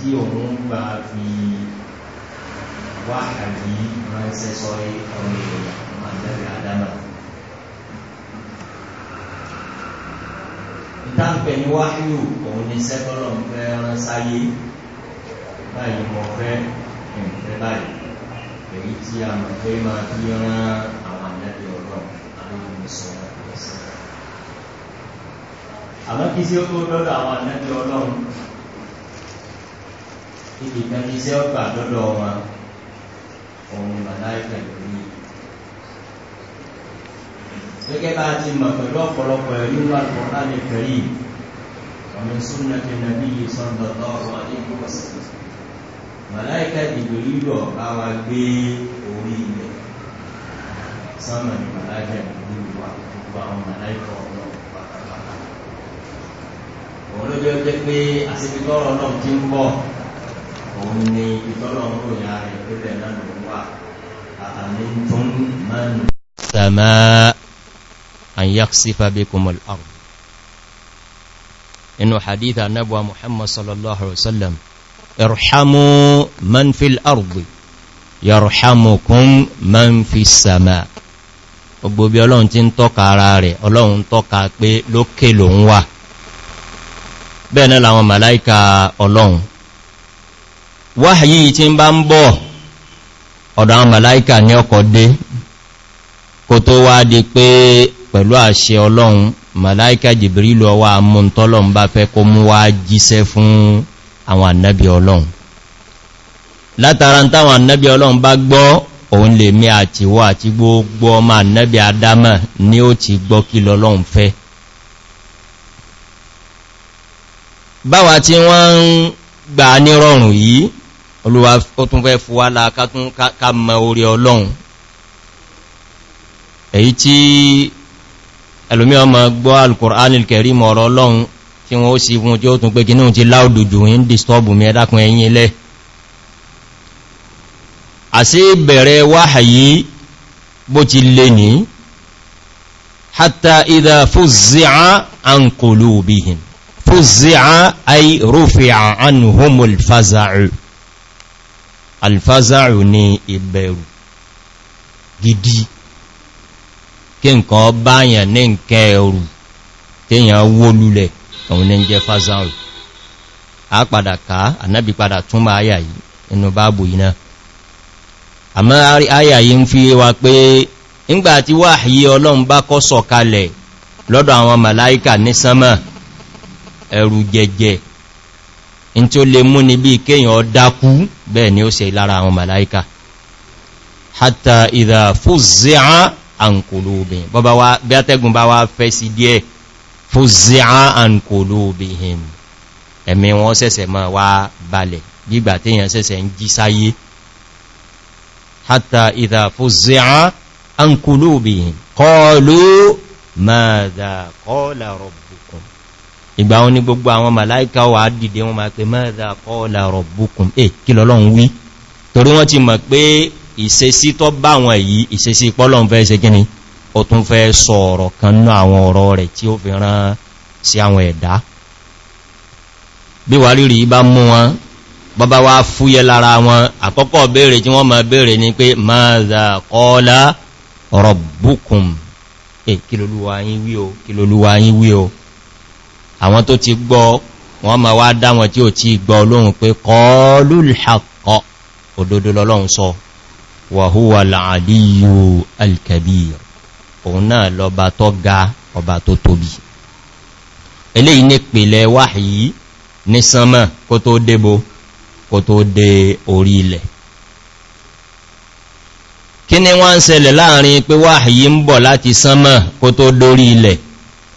tí òun gbà fi wá àbí ránṣẹ́ sọ́rí ọmọ èèyàn àtẹ́rẹ̀ àdámà ìtàǹpẹ̀ ni wáyò òun ni sẹ́kọ́lọ̀ ń fẹ́ ránṣáyé báyìí mọ̀ fẹ́ ìfẹ́ báyìí èyí tí a mọ̀ pé máa fi rán àwọn àjẹ́bí ọlọ́run alóhùn sọ́rọ̀ àmọ́ kí sí ó tó lọ́dọ̀ àwọn àjẹ́bí ọlọ́run ibi kan ní iṣẹ́ ọgbà lọ́dọ̀ wọn òun ni màláìkà lórí. gẹ́gẹ́ bá a ti mọ̀ pẹ̀lú ọ̀pọ̀lọpọ̀ ẹ̀rí wà lọ́wọ́ ní kẹrì ọ̀nà súnmọ́ kí nàbí yìí sọ́dọ̀ lọ́wọ́ ní kọ́sì. màláìkà ìdìbò yíyọ̀ bá wa gbé orí ilẹ̀ sọ́mọ ní màláìkà ìdìbò wà gbogbo àwọn màláìkà ọ̀nà pátápátá. òun ló jẹ́ pé àṣepitọ́rọ̀ náà ti ń bọ̀ òun ni ìtọ́lọ́wọ́ ìyá rẹ̀ tó bẹ̀ náà lòun wà àtàmì tó ń mẹ́nu sàmá àyàksífà bí kùmọ̀l àrùn inú hadith anábuwa muhammad sallallahu alaihi wasallam irhamu man fil ardi yarhamukum man fi sama gbogbo bí ọlọ́run ti ń tọ́ka ara rẹ̀ ọlọ́run tọ́ka pé lókè lòun wà bẹ́ẹ̀ náà làwọn màláìka ọlọ́run wáyí tí ń bá ń bọ̀ ọ̀dọ̀ àwọn màláíkà ní ọkọ̀ dé kò tó wá di pé pẹ̀lú àṣẹ ọlọ́run màláíkà jìbìrìlù ọwá amúntọ́lọ́run bá fẹ́ kó mú wá jíṣẹ́ fún àwọn annabi ọlọ́run látara táwọn annabi ọlọ́run bá gbọ́ òun lè mí àtiwọ́ àti gbogbo ọmọ annabi adama ni ó ti gbọ́ kí lọ́lọ́run fẹ́ báwa tí wọ́n ń gbà ní rọrùn yìí olúwa ó tún fẹ́ fúwá la ká mọ orí ọlọ́run èyí tí ẹlòmí ọmọ gbọ́ alkùnránil kẹrí mọ̀rọ̀ ọlọ́run tí wọ́n ó sì fún tí ó tún pé kí náà ti láòdù jù ń distọ́bù mi ẹdákun ẹ̀yìn ilẹ̀ àti bẹ̀rẹ̀ wáhàyí bó ti lè ní hatta alfazaru ni ìbẹ̀rù gidi kí nǹkan báyàn ní nǹkan ẹ̀rù téèyàn wó lulẹ̀ ní jẹ́ fazaru a padà ká ànábì padà túnmà àyà yìí inú báàbù yìí náà ayayi yìí ń fi wa pé nígbàtí wáhìí ọlọ́run bá kọ́ sọ̀kalẹ̀ lọ́dọ̀ àwọn màláíkà ní sánmà jẹjẹ in tí ó lè mú ní bí kéèyàn dákú bẹ́ẹ̀ ni ó ṣe lára àwọn màláíkà hatta idha fuzzi'a an qulubihim bọ́bá wá bí atẹ́gùn bá wá fẹ́ sí díẹ̀ fuzzi'a an qulubihim ẹ̀mí wọn sẹ́sẹ̀ máa wá balẹ̀ gbígbà téèyàn sẹ́sẹ̀ ń jí sáyé hatta idha fuzzi'a an qulubihim qalu ìgbà wọn ni gbogbo àwọn màláìka wà dìde wọn ma pé mẹ́ta kọ́ọ̀lá rọ̀bùkùn èè kí lọ́lọ́run wí torí wọ́n ti mọ̀ pé ìṣesí tó bá wọn èyí ìṣesí pọ́lọ̀n fẹ́ ṣe gíní ó tún fẹ́ sọ ọ̀rọ̀ kan ní àwọn ọ̀rọ̀ rẹ̀ tí ó fi rán sí àwọn ẹ̀dá bí wà rírì bá mú wọn bọ́bá wá fúyẹ lára wọn àkọ́kọ́ béèrè tí wọ́n ma béèrè ni pé mẹ́ta kọ́ọ̀lá rọ̀bùkùn èè kí lolúwa àwọn tó ti gbọ́ wọ́n ma wá dáwọn tí ó ti gbọ́ Ọlọ́hun pé qalul haqqa òdodo lọ́lọ́hun sọ wa huwa al-aliyyu al-kabir òun náà lọba tó ga ọba tó tóbi eléyìí ní pìlẹ̀ wáhìí ní sánmà kó tó débo kó tó dé orí ilẹ̀ kí ni wọ́n ń ṣẹlẹ̀ láàrin pé wáhìí ń bọ̀ láti sánmà kó tó dórí ilẹ̀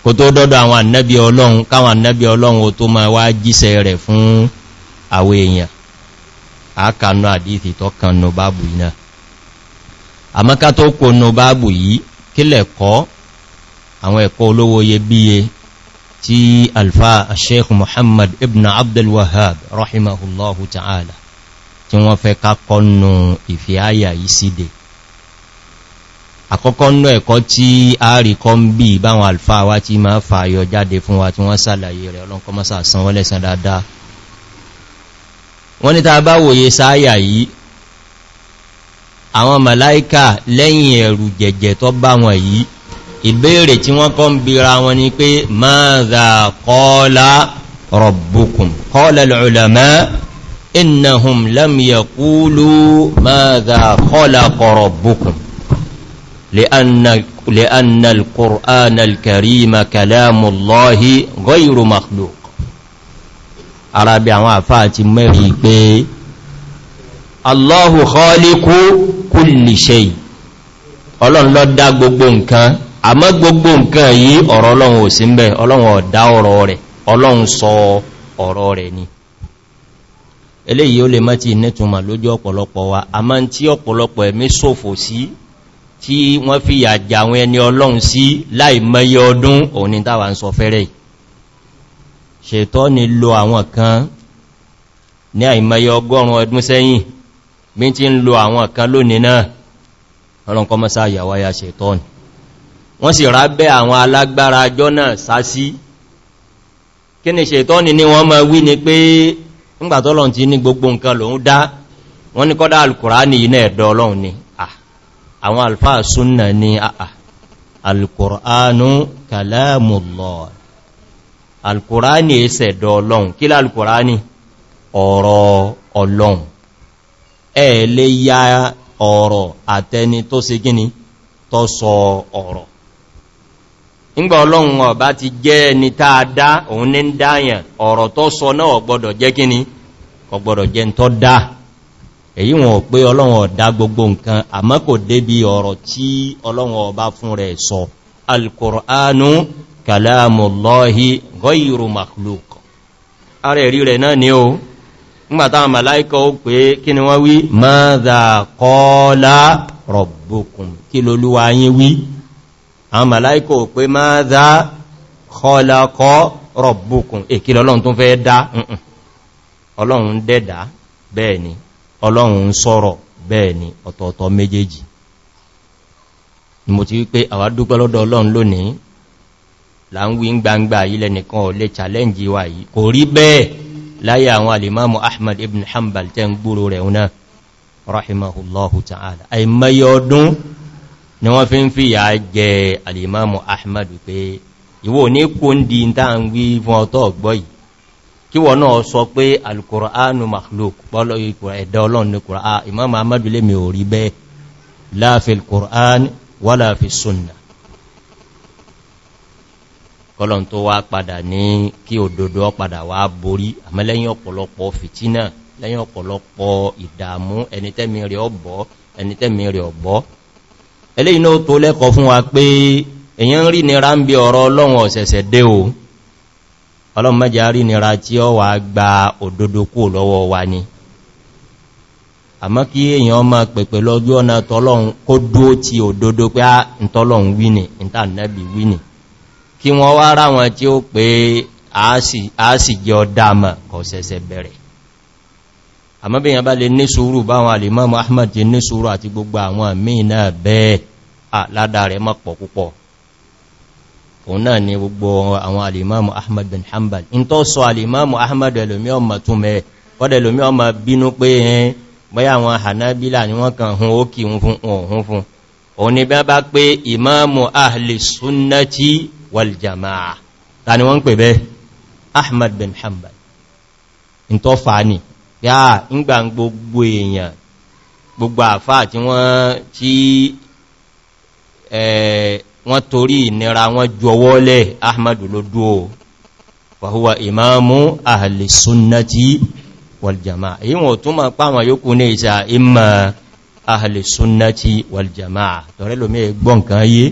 kò tó dọ́dọ̀ àwọn ànábí ọlọ́run káwọn ànábí ọlọ́run o tó ma wá jíṣẹ́ rẹ̀ fún àwọn èèyàn àkànú àdífì tó kànnù báàbù iná àmọ́ká tó kònù báàbù yìí kílẹ̀ kọ́ àwọn ẹ̀kọ́ olówó iyebíye tí alfa sheikh muhammad ibn abdul wahhab rahimahullahu ta'ala tí wọ́n fẹ́ ká kọ́nù àkọ́kọ́ náà ẹ̀kọ́ tí a rí kọ́ ń bí ìbáwọn alfa wá tí ma fà yọ jáde fún wa tí wọ́n sàlàyé rẹ̀ ọlọ́nkọ́ má sàsán wọ́n lẹ́sàn dáadáa wọ́n ni ta bá wòye sáyà yìí àwọn màláíkà lẹ́yìn ẹ̀rù jẹ̀jẹ̀ tó bá wọn yìí ìbéèrè tí wọ́n kọ́ ń bíra wọn ni pé máàzà لأن القرآن الكريم كلام الله غير مخلوق arábí àwọn àfáà الله خالق كل شيء. khaliqu kulli shay ọlọ́run ló dá gbogbo nǹkan àmọ́ gbogbo nǹkan yìí ọ̀rọ̀ ọlọ́run ò sí ń bẹ̀ ọlọ́run ò dá ọ̀rọ̀ rẹ̀ ọlọ́run sọ ọ̀rọ̀ rẹ̀ ni eléyìí ó lè mọ́ ti nẹ́tùmà lójú ọ̀pọ̀lọpọ̀ wa a máa tí ọ̀pọ̀lọpọ̀ ẹ̀mí ṣòfò sí tí wọ́n fi yàjà àwọn ẹni ọlọ́run sí láì mẹ́yẹ ọdún òun ni táwà ń sọ fẹ́rẹ̀ ṣètọ́ ni lo àwọn kan ní àìmẹ́yẹ ọgọ́rùn ọdún sẹ́yìn bí tí ń lo àwọn kan lónìí náà ọlọ́nkọ mọ́sá àyàwáyà ṣètọ́ ni wọ́n sì rábẹ́ àwọn alágbára ajọ́ náà sásí kí ni ṣètọ́ ni ni wọ́n mọ́ wí ni pé ńgbàtọ́lọ́n ti ní gbogbo nǹkan lòun dá wọ́n ní kọ́dá alkùrá ní iná ẹ̀dọ́ ọlọ́run ni àwọn alfáà súnnà ní àà alkùránù kàlámùlọ̀ alkùránì ẹsẹ̀dọ̀ ọlọ́run kí lá alkùránì ọ̀rọ̀ ọlọ́run ẹ lè ya ọ̀rọ̀ àtẹni tó sì gíní tó sọ ọ̀rọ̀ ìgbà ọlọ́run ọ̀bá ti jẹ́ ẹni táa dá òun ní dáyàn ọ̀rọ̀ tó sọ náà gbọ́dọ̀ jẹ́ gíní kò gbọ́dọ̀ jẹ́ ń tọ́ dáa èyí wọn ò pé ọlọ́run ọ̀dá gbogbo nǹkan àmọ́ kò débi ọ̀rọ̀ tí ọlọ́run ọba fún rẹ̀ sọ alkùránù kalamullahi ghayru makhluk ara ẹ̀rí rẹ̀ náà ni ó ngbàtà màláíkà ó pé kí ni wọ́n wí madha qala rabbukum ọlọ́run ń sọ̀rọ̀ bẹ́ẹ̀ ni ọ̀tọ̀ọ̀tọ̀ méjèèjì mo ti wípé àwa dúpẹ́ lọ́dọ̀ ọlọ́run lónìí là gbangba ilẹ̀ nìkan ò lè challenge wa yìí kò rí bẹ́ẹ̀ láyé àwọn alìmáàmù ahmad ibn hanbal tẹ́ ń gbúrò rẹ̀ una rahimahullahu ta'ala àìmọye ọdún ni wọ́n fi ń ahmad pé ìwò ní kó ń di ta kí wọ́n náà sọ pé alkùránù makhluk bọ́lọ̀ ẹ̀dà ọlọ́run ní kùrán ah, imam ahmadu lè mi ò rí bẹ́ láàfil kùrán wà láàfil sunna kọlọ̀n tó wá padà ní kí òdòdó padà wá borí àmọ́ lẹ́yìn ọ̀pọ̀lọpọ̀ fìtínà lẹ́yìn ọ̀pọ̀lọpọ̀ ìdàmú ẹnitẹ́mi rẹ̀ ọ̀bọ̀ ẹnitẹ́mi ọlọ́mọdé àrí nira tí ó wà gba òdodo kú lọ́wọ́ wa ni àmọ́ kí èyàn máa pẹ̀pẹ̀ lọ́jú ọ̀nà tọ́lọ́run kó dúó ti òdodo pé á ah, ń tọ́lọ́run wíni ìntànẹ́bì wíni kí wọ́n wá ráwọn tí ó pé a sì jẹ́ ọdáàmà kọ̀ sẹ̀sẹ̀ bẹ̀rẹ̀ àmọ́ bí èyàn bá lè ní báwọn alìmọ́ Muhammad ní sùúrù àti gbogbo àwọn míì náà bẹ́ẹ̀ ah, ládàá rẹ̀ mọ́ pọ̀ púpọ̀ òun náà ni gbogbo àwọn alìmáàmù ahmad bin hanbal in tó sọ alìmáàmù ahmad ẹlòmí ọmọ túnmẹ́ kọ́dẹ̀ ẹlòmí ọmọ bínú pé ẹn bọ́yá àwọn hanabila ni wọ́n kan hun ókì hun fún òun ni bá bá pé imáàmù ahli sunnati wal jama'a ta ni wọ́n pè bẹ́ ahmad bin hanbal wọ́n torí ìnira wọ́n ju ọwọ́lẹ̀ ahmadu ló dúó wàhúwà ìmáàmù ahàlìsúnnàtí wàljàmà èyí wọ́n tún ma pàwọn yóò ní ìsà ìmà ahàlìsúnnàtí wàljàmà tọ́rẹ́ lómi ẹgbọ́n kan yé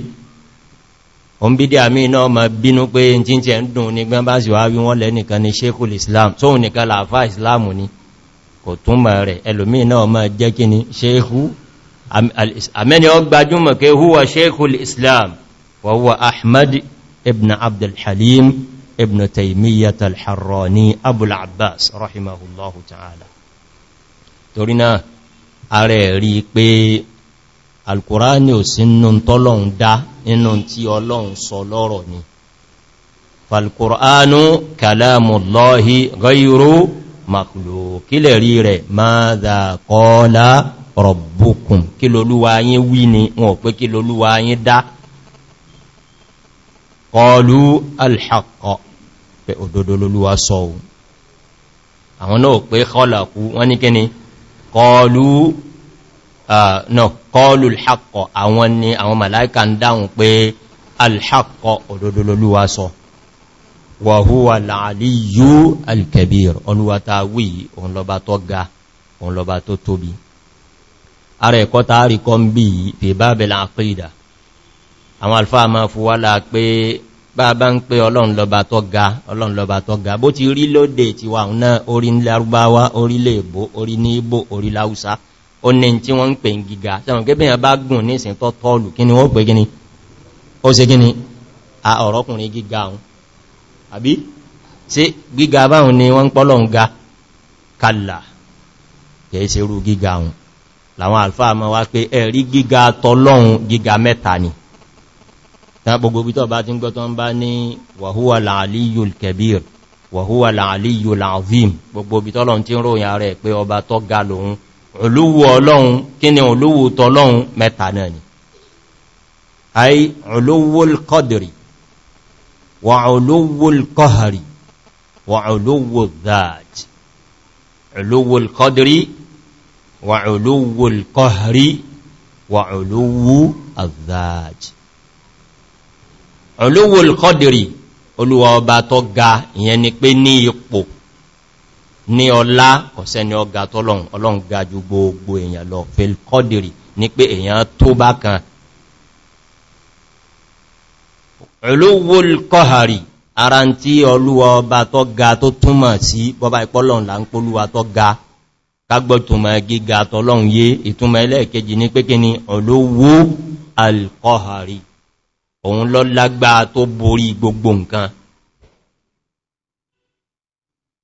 o ń ma bínú pé jíjẹ ń dùn ní gbọ́n bá islam tóhun nìkan làáfà islam ni kò túnmà rẹ̀ ma jẹ́ kí ni sheikul amẹ́ni ọgbàjúmọ̀ kí sheikul islam وهو أحمد ابن عبد الحليم ابن تيمية الحراني أبو العباس رحمه الله تعالى تورينا ààrẹ rí pé alkùránì ò sí nínú tọ́lọ̀un dá nínú tí ọlọ́run sọ lọ́rọ̀ ni falkùránù kalamullahi ghayru makhluq kílẹ̀ rí rẹ̀ madha qala rabbukum kí lolúwa yín wí ni wọn pé kí yín dá kọlu alhaqqa pé òdodo lolúwa sọ ohun àwọn náà pé kọlàkú wọ́n ní kíni kọlu náà kọlu alhaqqa àwọn ni àwọn màláìkà ń dáhùn pé alhaqqa òdodo lolúwa sọ wa huwa al-aliyyu al wí òun lọba tó ga òun lọ́ba tó tóbi ara ẹ̀kọ́ ta kọ́ ń bí fi bábẹ̀lá àwọn alfáà máa fi wálà pé bá bá ń pé ọlọ́run lọba tó ga ọlọ́run lọba tó ga bó ti rí lóde ti wà náà orí ní lárúbáwá orí lè bó orí ní ibò orí láúsá ó ní tí wọ́n ń pè ń gíga sẹ́wọ̀n gẹ́bẹ̀yàn bá gùn ní ìsìn tó tọ́ọ̀lù kí ni wọ́n pè gíní ó sì gíní a ọ̀rọ̀kùnrin gíga hun àbí sí gíga báhun ni wọ́n pọ́lọ̀ ń ga kàlà kìí ṣe rú gíga hun làwọn alfáà máa wá pé ẹ̀rí gíga tọ́lọ́hun gíga mẹ́ta ni gbogbo bí tọ́ bá ti ń gbọ́ tọ́ ń bá ní wàhúwà làálíyùl kẹbíir wàhúwà làálíyùl azim gbogbo bí tọ́lọ̀ tí ń ròyìn ààrẹ pé ọba tọ́ ga lòun olúwo ọlọ́run kí ni olúwo tọ́lọ́run Ulul Qadri olúwa ọba tó ga ìyẹn ni pé ní ipò ní ọlá ọ̀sẹ́ ni ọgá tọ́lọ̀un ọlọ́run ga ju gbogbo èèyàn lọ fil Qadri ni pé èèyàn tó bá kan Ulul Qahari ara tí olúwa ọba tó ga tó túnmọ̀ sí bọ́bá ìpọ́lọ̀un là ń pólúwa tó ga kagbọ́tùmọ̀ gíga tọ́lọ́run yé ìtumọ̀ ẹlẹ́ẹ̀kejì ní pé kí ni Ulul al òun lọ lágbàá tó borí gbogbo nǹkan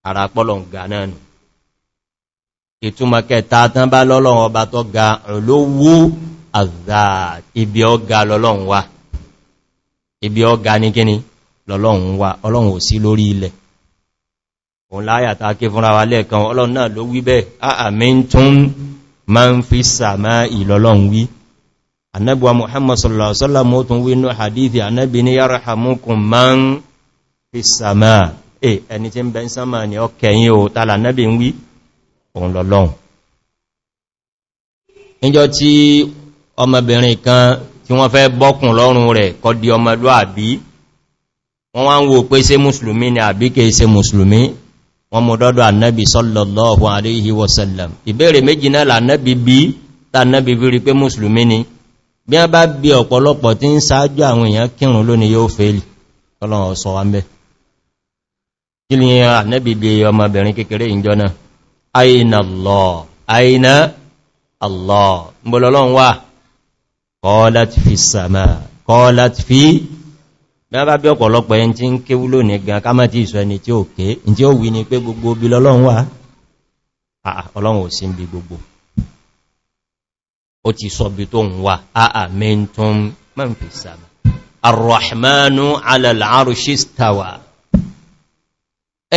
ara pọ́lọ̀ ń ga náà nù ìtumà kẹta tán bá lọ́lọ́run ọba tó ga olówó àzà ibi ọga lọ́lọ́run wa ibi ọga ní kíni lọ́lọ́run sí lórí ilẹ̀ òun láyà ta kí fúnra wa lẹ́ẹ̀kan ọlọ́run náà ló wí bẹ́ẹ̀ annabuwa muhammad sallallahu alaihi wasallam ó tún wínú hadithi annabi ni yarhamukum man fi sama eh ẹni tí ń bẹ ń sama ni ó kẹyìn o tààlà annabi ń wí òun lọ́lọ́un níjọ tí ọmọbìnrin kan tí wọ́n fẹ́ bọ́kùn lọ́rùn rẹ̀ kọ́ di ọmọlúàbí wọ́n wá ń wo pé ṣe musulmi ni àbí kìí ṣe musulmi wọ́n mú dọ́dọ̀ annabi sallallahu alaihi wasallam ìbéèrè méjì náà lànàbí bí tànàbí bí rí pé musulmi ni bí a bá bí ọ̀pọ̀lọpọ̀ tí ń sáájú àwọn èèyàn kírùn lónìí yóò fèèlì ọlọ́run sọ wa mẹ́ kí ni ànẹ́bì bí ọmọbìnrin kékeré ìjọ náà aina allah aina allah mbọ̀lọ́lọ́run wà kọ́ọ̀láti fi sàmà kọ́ọ̀láti fi bí a bá bí ọ̀pọ̀lọpọ̀ ẹni tí ń kéwú lónìí gan ká má ti ìsọ ẹni tí wà ọlọ́run ò sí ń bí gbogbo ó ti sọ́bí tó ń wà àà mẹ́ntún mẹ́fì sàmà arrahmanu alal'arushi stawa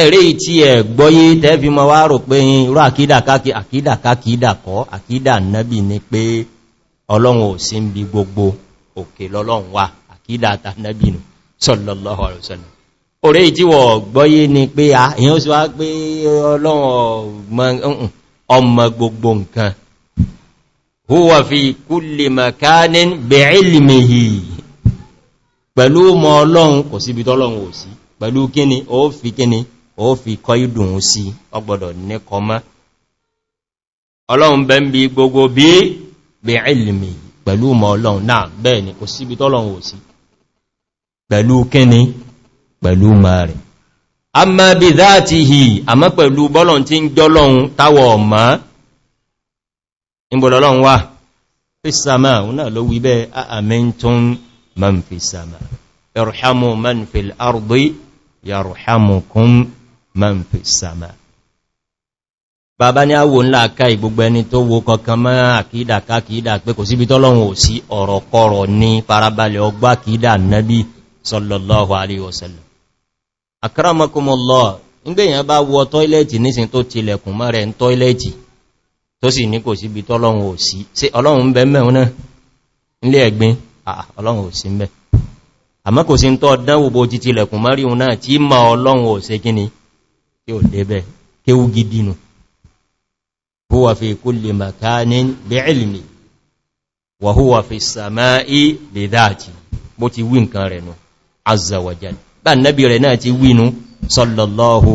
ẹ̀rẹ́ tí ẹ̀ gbọ́yé tẹ́fì ma wá rò pé irú àkídàkákí àkídàkákídàkọ́ àkídà nábì ni pé ọlọ́run ò sí ń bí gbogbo òkè lọ́lọ́run wà àkídàta nábì nù sallallahu alaihi wasallam orí ìtíwọ̀ gbọ́yé ni huwa fi kulli makanin bi'ilmihi pẹ̀lú mọ ọlọ́run kò síbi tọ́lọ́run ò sí pẹ̀lú kíni ó fi kíni ó fi kọ ìdùn sí ọgbọ̀dọ̀ ní kọmá ọlọ́run bẹ́ ń bí gbogbo bí bi'ilmi pẹ̀lú mọ ọlọ́run náà bẹ́ẹ̀ ni kò ò sí pẹ̀lú bi ìbòlọ́lọ́run wà fìsàmà náà ló wí bẹ́ àmìntún man fìsàmà ẹ̀rùhámù man fìl ardi yàrùhámùkún man fìsàmà bàbá ní àwò ńlá ká ìgbogbo ẹni tó wo kankan mọ́ àkídà kákídà pé kò síbi tọ́lọ́run ò sí ọ̀rọ̀ kọrọ̀ ní farabalẹ̀ ọgbá kídà nábì sallallahu alaihi wasallam akramakumullah ń gbèyàn bá tó sì ní kò síbi tọ́lọ́run ò sí sí ọlọ́run bẹ mẹ́un náà nílé ẹ̀gbin ọlọ́run ò sí mẹ́ àmọ́ kò sí ń tọ́ dánwò bó ti tilẹ̀kùn márìun náà tí ma ọlọ́run ò sí gíní tí ò débẹ̀ kéwú gidinu huwa fi kulli makanin bi ilmi wa huwa fi samai bi dhati bó ti wí nǹkan rẹ̀ nù azza wa jalla bá nabi rẹ̀ náà ti wí sallallahu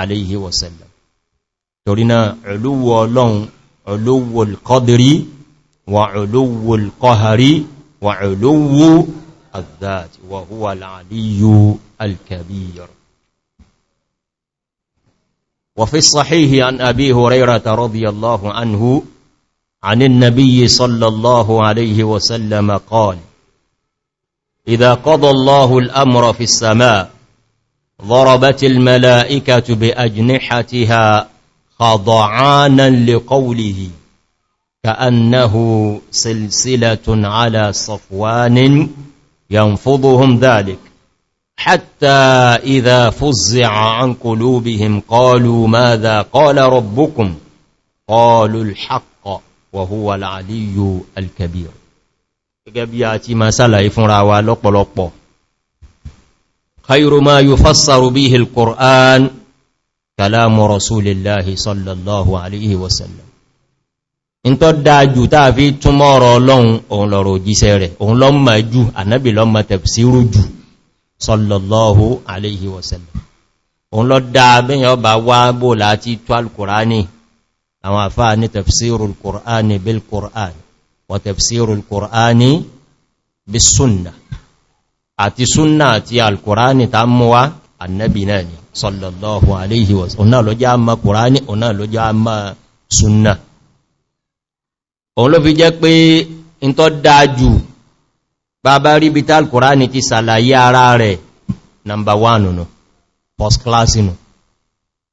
alaihi wasallam torí náà ọlọ́run علو القدر وعلو القهر وعلو الذات وهو العلي الكبير وفي الصحيح عن أبي هريرة رضي الله عنه عن النبي صلى الله عليه وسلم قال إذا قضى الله الأمر في السماء ضربت الملائكة بأجنحتها قضعانا لقوله كأنه سلسلة على صفوان ينفضهم ذلك حتى إذا فزع عن قلوبهم قالوا ماذا قال ربكم قالوا الحق وهو العلي الكبير gẹ́gẹ́bí ما ti máa sálàyé خير ما يفسر به القرآن kàlámù rasúlìláhì sallallahu alayhi wasallam in tó dájú táà fi túnmọ́ ọ̀rọ̀ ọlọ́run òun lọ̀rọ̀ òjíṣẹ́ rẹ̀ òun lọ mọ̀ jù ànábì lọ mọ̀ tẹ̀fsíru jù sallallahu alayhi wasallam òun lọ dáa bẹ́yàn ọba wá bó láti tó alkùránì àwọn àfáà ní tẹ̀fsíru alkùránì bilkùránì wà tẹ̀fsíru alkùránì bisunna àti sunna àti alkùránì ta mú wá annabi náà ni sallallahu alaihi wa sallam náà ló já ma kùránì ọ̀nà ló já ma sunna òun ló fi jẹ́ pé in tó dájú bàbá rí bí tal kùránì ti sàlàyé ara rẹ̀ number one nù first class nù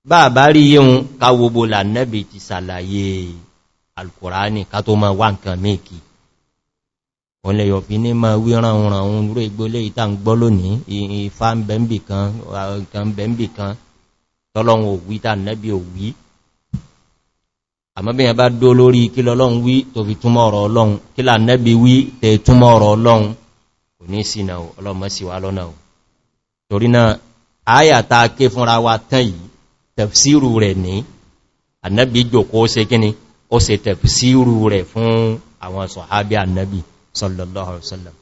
bàbá rí yíun káwogbo lànàbì ti sàlàyé alkùránì ká tó ma wá nǹkan méèkì òun lẹ́yọ̀ bí ní máa wíran ọ̀ràn ohun rú ìgbólé ìta ń gbọ́ lónìí ìfà ń bẹ̀m̀bì kan ọ̀ràn bẹ̀m̀bì kan tọ́lọ́run òwí tà nẹ́bí òwí àmọ́bìyàn bá dó lórí kí lọ́lọ́run wí tó fi túnmọ̀ ọ̀rọ̀ ọlọ́run kí là nẹ́bí wí tẹ túnmọ̀ ọ̀rọ̀ ọlọ́run kò ní sí náà ọlọ́mọ́síwá lọ́nà ò torí náà áyàta ké fúnra wa tán yìí tẹ̀fsíru rẹ̀ ní ànẹ́bí jòkó ó se kíni ó se tẹ̀fsíru rẹ̀ fún àwọn sọ̀hábí ànẹ́bí sallallahu alaihi wasallam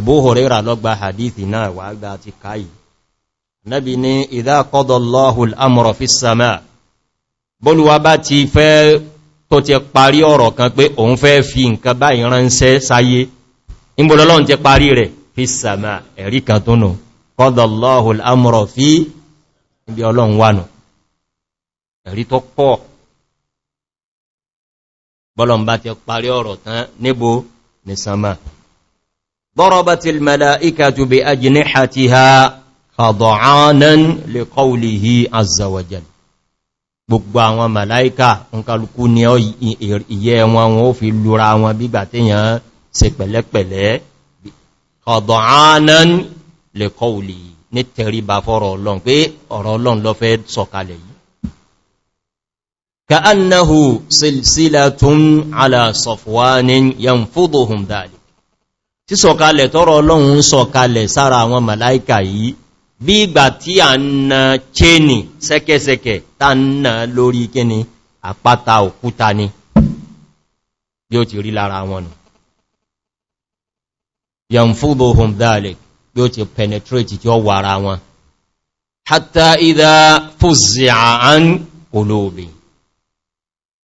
abu huraira ló gba hadithi náà wà gba ti káyì nabi ni idha qadallahu al-amra fi sama bólúwa bá ti fẹ́ tó ti parí ọ̀rọ̀ kan pé òun fẹ́ fi nǹkan bá ìránṣẹ́ sáyé ìgbòlọ́lọ́n ti parí rẹ̀ fi sama ẹ̀rí kan tó nù qadallahu al-amra fi ibi ọlọ́run wà nù ẹ̀rí tó pọ̀ bọ́lọ̀ ti parí ọ̀rọ̀ tán níbo ní sánmà ضربت الملائكة بأجنحتها خضعانا لقوله عز وجل gbogbo àwọn màláíkà nkàlùkú ní ìyẹ́ wọn wọn ó fi lura wọn bígbà tíyàn ṣe pẹ̀lẹ́pẹ̀lẹ́ khada'anan li qawli كأنه سلسلة على صفوان ينفضهم ذلك tí sọ̀kalẹ̀ tọ́rọ ọlọ́run sọ̀kalẹ̀ sára àwọn màláìkà yìí bí ìgbà tí a ń na chéni sẹ́kẹ́sẹ́kẹ́ tá ń na lórí kíni àpáta òkúta ni bí ó ti rí lára wọn nù yanfúdóhùn dalek bí ó ti penetrate tí ó wà wọn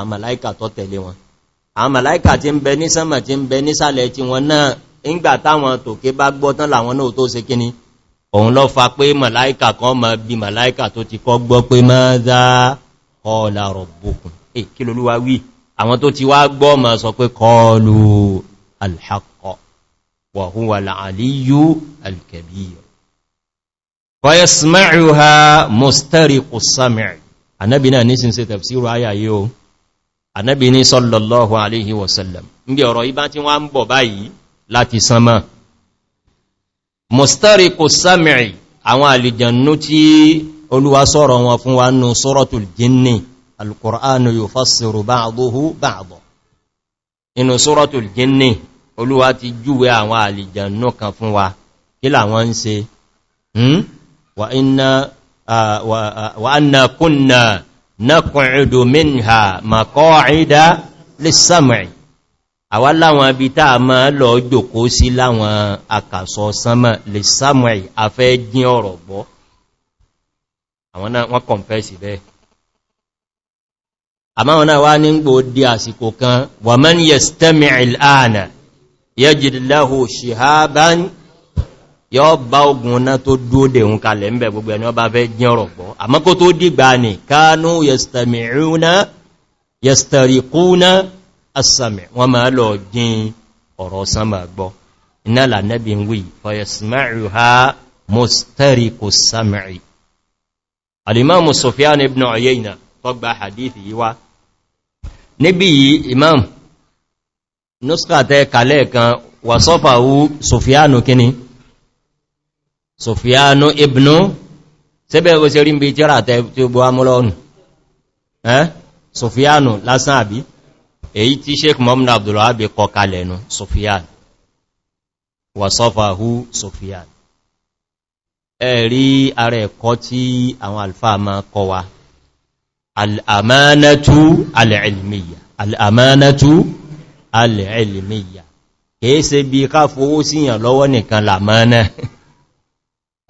àmàláìkà tó tẹ̀lé wọn àmàláìkà tí ń bẹ ní sánmà tí ń bẹ nísàlẹ̀ tí wọn náà ìgbà táwọn tòkè bá gbọ́tán làwọn náà tó ṣe kíní òun lọ fa pé màláìkà kan ma bí màláìkà tó ti kọ́ gbọ́ pé mādhā qāla náà nísìn tafsiru ayayi o ànábì ní sallallahu alaihi wasallam níbi ọ̀rọ̀ ibá tí wọ́n ń bọ̀ báyìí láti sánmà mustariqu sam'i àwọn àlìjànú tí olúwa sọ̀rọ̀ wọn fún wa nù suratul jinni alkùránù yufassiru ba'duhu ba'dan inú suratul jinni olúwa ti júwe naq'udu minha maq'ida lis-sam'i àwá láwọn ibi táa ma lọ jòkó sí láwọn akàsọ̀ sánmà lis-sam'i afẹ́ jín ọ̀rọ̀ gbọ́ àwọn náà wọ́n kọ̀nfẹ́sì bẹ́ẹ̀ àmá wọn náà wá ní gbò di àsìkò kan wa man yastami' al-ana yajid shihaban yọ bá ogun náà tó dúó dè ń kalẹ̀ ń bẹ̀ gbogbo ẹni ọba fẹ́ jí ọ̀rọ̀ pọ̀ àmọ́ kó tó dìgbà ní kánú yẹ̀stẹ̀ríkúnà asàmì wọ́n máa lọ jín ọ̀rọ̀ sánmà gbọ́ iná lànẹ́bí ń wí fọ́yẹ̀sìmáìrìhá mọ́stẹ̀ríkù sàmì alimamu kini Sofiano ibnu sẹ́bẹ̀ ẹgbẹ́ sí rí ń bí tíra tẹ́ tí ó bó amúlọ́nù sofiyanu lásán àbí èyí tí sheik mohamed abdullahi kọ kalẹ̀ nù sofiyan wasofahu sofiyan ẹ̀rí ara ẹ̀kọ́ tí àwọn alfáà ma kọ wa al'amánátú al'ilmiya al'amánátú al'ilmiya kèése bí ká fowó síyàn lọ́wọ́ nìkan làmánà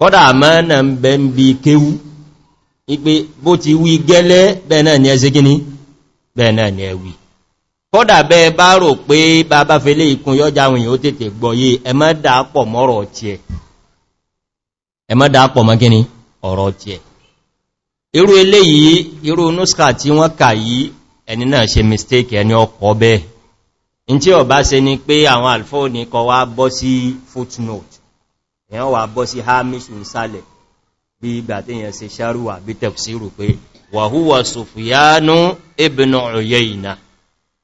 kọ́dà mọ́nà ń bẹ ń bí kéwú ipé bó ti wí gẹ́lẹ́ bẹ́ẹ̀ náà ni ẹsẹ́ gíní bẹ́ẹ̀ náà ni ẹwì kọ́dà bẹ́ẹ̀ bá rò pé bàbá fẹ́lẹ́ ikun yọjá àwọn èèyàn ó tètè gbọ́yé ẹmọ́dàápọ̀ mọ́rọ̀ tiẹ̀ ẹmọ́dàápọ̀ mọ́ gíní ọ̀rọ̀ tiẹ̀ irú eléyìí irú nuska tí wọ́n kà footnote èyàn wà bọ́ sí hamishu ìsàlẹ̀ bí ìgbà tí èyàn ṣe ṣarúwà bí tafsiru pé wa huwa sufiyanu ibn uyayna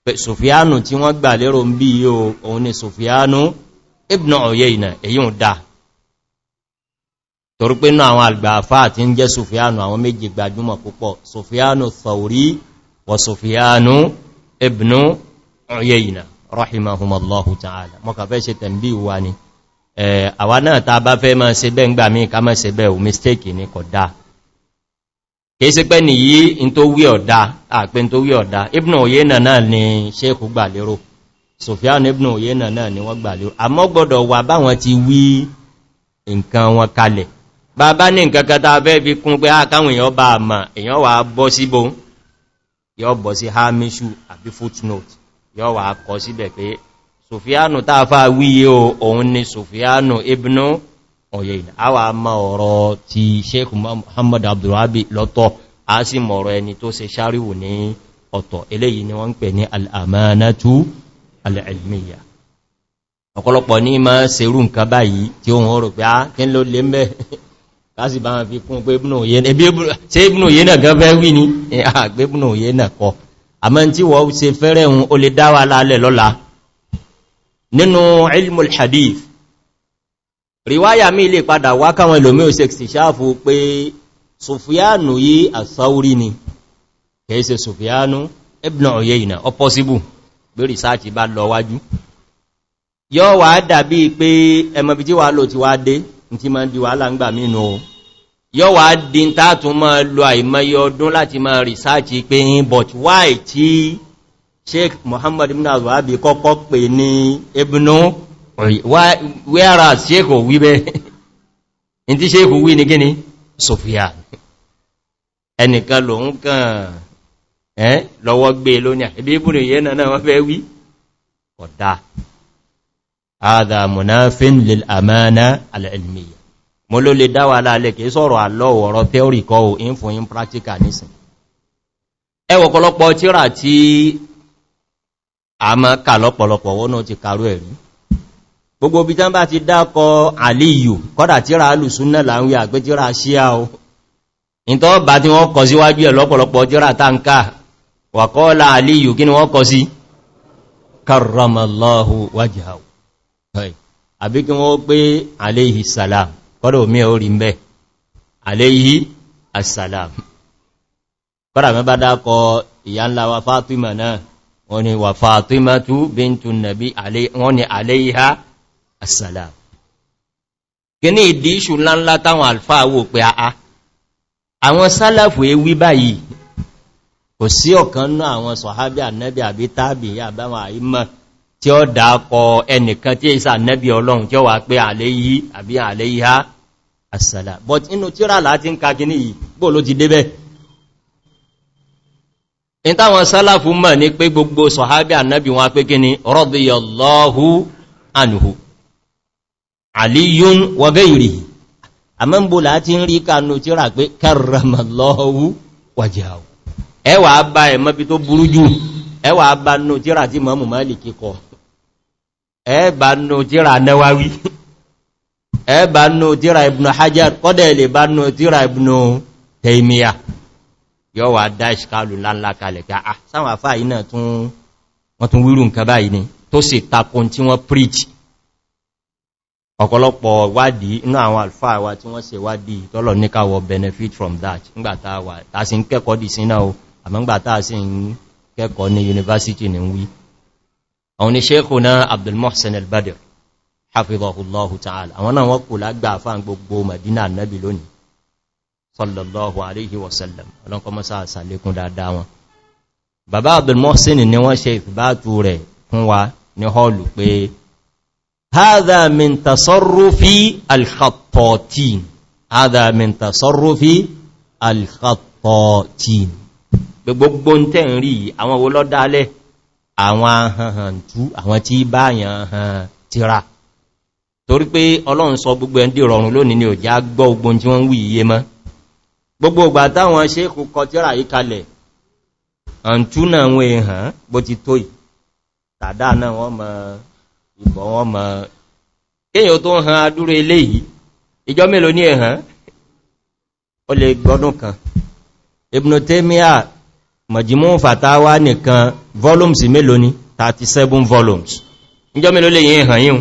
pé sufiyanu tí wọ́n gbà lérò ń bí yíò òun ni sufiyanu ibn uyayna èyí ń dá torí pé náà àwọn àgbà àfáà ń jẹ́ sufiyanu àwọn méjì gbajúmọ̀ púpọ̀ sufiyanu thawri wa sufiyanu ibn uyayna rahimahumallahu ta'ala mọ́kàfẹ́ ṣe tẹ̀m̀bí wa ni àwa náà ta bá fẹ́ máa se bẹ́ ń gbà mí ká máa ṣe bẹ́ ò mistake ní kọ̀dá kìí sí pẹ́ ní yí in tó wí ọ̀dá àpé in tó wí ọ̀dá ibn oyena náà ni ṣékù gbà lérò sofian oyena náà ni wọ́n gbà lérò àmọ́ gbọ́dọ̀ wà báwọn ti wí nǹkan wọn kalẹ̀ bàbá fẹ́ fi kún pé èèyàn bá èèyàn wà bọ̀ sí bon footnote wà kọ síbẹ̀ pé sùfíánù tààfà wíye òun ni sùfíánù ibnu Uyayna àwà ma ọ̀rọ̀ ti sheikh muhammad abdulwabi lọ́tọ̀ a sì mọ̀rọ̀ ẹni tó ṣe ṣáríwù ní ọ̀tọ̀ eléyìí ni wọ́n ń pè ní al'ilmiya ọ̀pọ̀lọpọ̀ ní ma ṣerú nǹkan báyìí tí ó hàn rò pé á ah, kí ló lè mẹ́ kásì bá wọn fi kún pé Ibn Uyayna ṣe Ibn Uyayna wí ní àgbébùnú òye náà kọ àmọ́ tí wọ́n ṣe fẹ́rẹ̀ ohun ó lè dáwà lálẹ̀ lọ́la nínú ilmul hadith riwaya mi lè padà wá káwọn ilomi òsèkì ṣáàfù pé sofiyanu yí àsáúrí ni kẹ́ẹ̀ẹ́sẹ̀ sofiyanu ibn Uyayna ọ pọ́síbù bí rìsáàtì bá lọ wájú yọ́ wà dàbí pé ẹmọ̀bí tí wà lò ti wá dé tí ma di wàhálà ń gbà mínú o yọ́ wà dín tààtù máa lọ àìmọ́ ọdún láti máa rìsáàtì pé but why tí sheikh muhammad ibn al-wahabi kọ́kọ́ pè ní ibnu wẹ́ra sheikh wí bẹ́ in ti sheikh wí ní gíní sofia ẹnìkan lòun kàn ẹ́ lọ́wọ́ gbé e lónìí ibi ibùn ìyẹ́nà náà wọ́n fẹ́ wí ọ̀dá àdà munafin lil amana al'ilmiya mo ló lè dáwà láàlẹ́ kìí sọ̀rọ̀ àlọ́wọ̀ ọ̀rọ̀ kọ́ ò in fún in practical nísìn ẹwọ̀ tíra tí a mọ́ kà lọ́pọ̀lọpọ̀ wọ́n ti karú ẹ̀rí gbogbo bí tán bá ti dákọ àlìyù kọ́dà tí ra alùsúnnà láwí àgbé tí ra ṣíà o in tó bá tí wọ́n kọ síwájú ẹ̀ lọ́pọ̀lọpọ̀ tí ra táǹkà wàkọ́ọ́lá àlìyù kí ni wọ́n kọ sí karramallahu wajhahu salam kọ́dọ̀ omi orí mẹ́ aléhì assalam kọ́dà mẹ́bá dákọ ìyá wọ́n ni wà fàtímátú bíntù nàbí wọ́n ni àléhà àsàlá kí ní ìdí ìṣù ńláńlá táwọn alfáà wò pé àá àwọn sálàfù ewí báyìí kò sí ọ̀kan náà àwọn sọ̀hábí ànẹ́bí àbí tábì àbáwọn àìmọ̀ tí ó dákọ in táwọn sálàfù mọ̀ ní pé gbogbo sọ̀hábí annabi wọn pé kí ni radiyallahu anhu aliyun wa gairihi àmọ́ ń bò láti ń rí kanú tí rà pé karramallahu wajhahu ẹwà bá ẹ̀mọ́bí tó burú jù ẹwà bá nù tí mọ́mù Málíkì kọ yọ́ wà dá ìṣkálù láńlá kalẹ̀ pé à ah, sáwọn àfá iná wọ́n tún wírù nǹkan báyìí ni tó sì takun tí wọ́n preach ọ̀pọ̀lọpọ̀ wádìí inú àwọn alfa wa tí wọ́n se wádìí tọ́lọ̀ ní benefit from that ngbàtà wà tàṣí ń kẹ́kọ̀ọ́ dì sínà o àmọ́ ngbàtà sí ń kẹ́kọ̀ọ́ ní university ní wí àwọn ni sheikhuna abdul mohsen al-badr hafizahullahu ta'ala àwọn náà wọ́n kò lágbà fáà gbogbo madina annabi lónìí sallallahu alaihi wasallam ọlọ́nkọ́ mọ́sá àsàlékún dáadáa wọn bàbá Abdul Muhsin ni wọ́n ṣe ìfìbátú rẹ̀ fún wa ní họlù pé hadha min tasarrufi al-khattatin hadha min tasarrufi al-khattatin gbogbo ń tẹ́ ń rí àwọn wo ló àwọn ahàntú àwọn tí báyàn tira torí pé ọlọ́run sọ gbogbo ẹndì rọrùn lónìí ni ò já gbọ́ ogun tí wọ́n ń iye mọ́ gbogbo ìgbà táwọn ṣéèkù kọ tíra yí kalẹ̀ àǹtúnà àwọn èèyàn bó ti tó ì tàdá náà wọ́n mọ̀ ìbọn wọ́n mọ̀ kíyàn tó hàn adúrú ilé yìí ìjọ mélòó ní ẹ̀hàn ó lè gbọ́dún kan Ibn Taymiyyah Fatawa nìkan volumes mélòó ní 37 volumes ìjọ mélòó lè yìí hàn yíò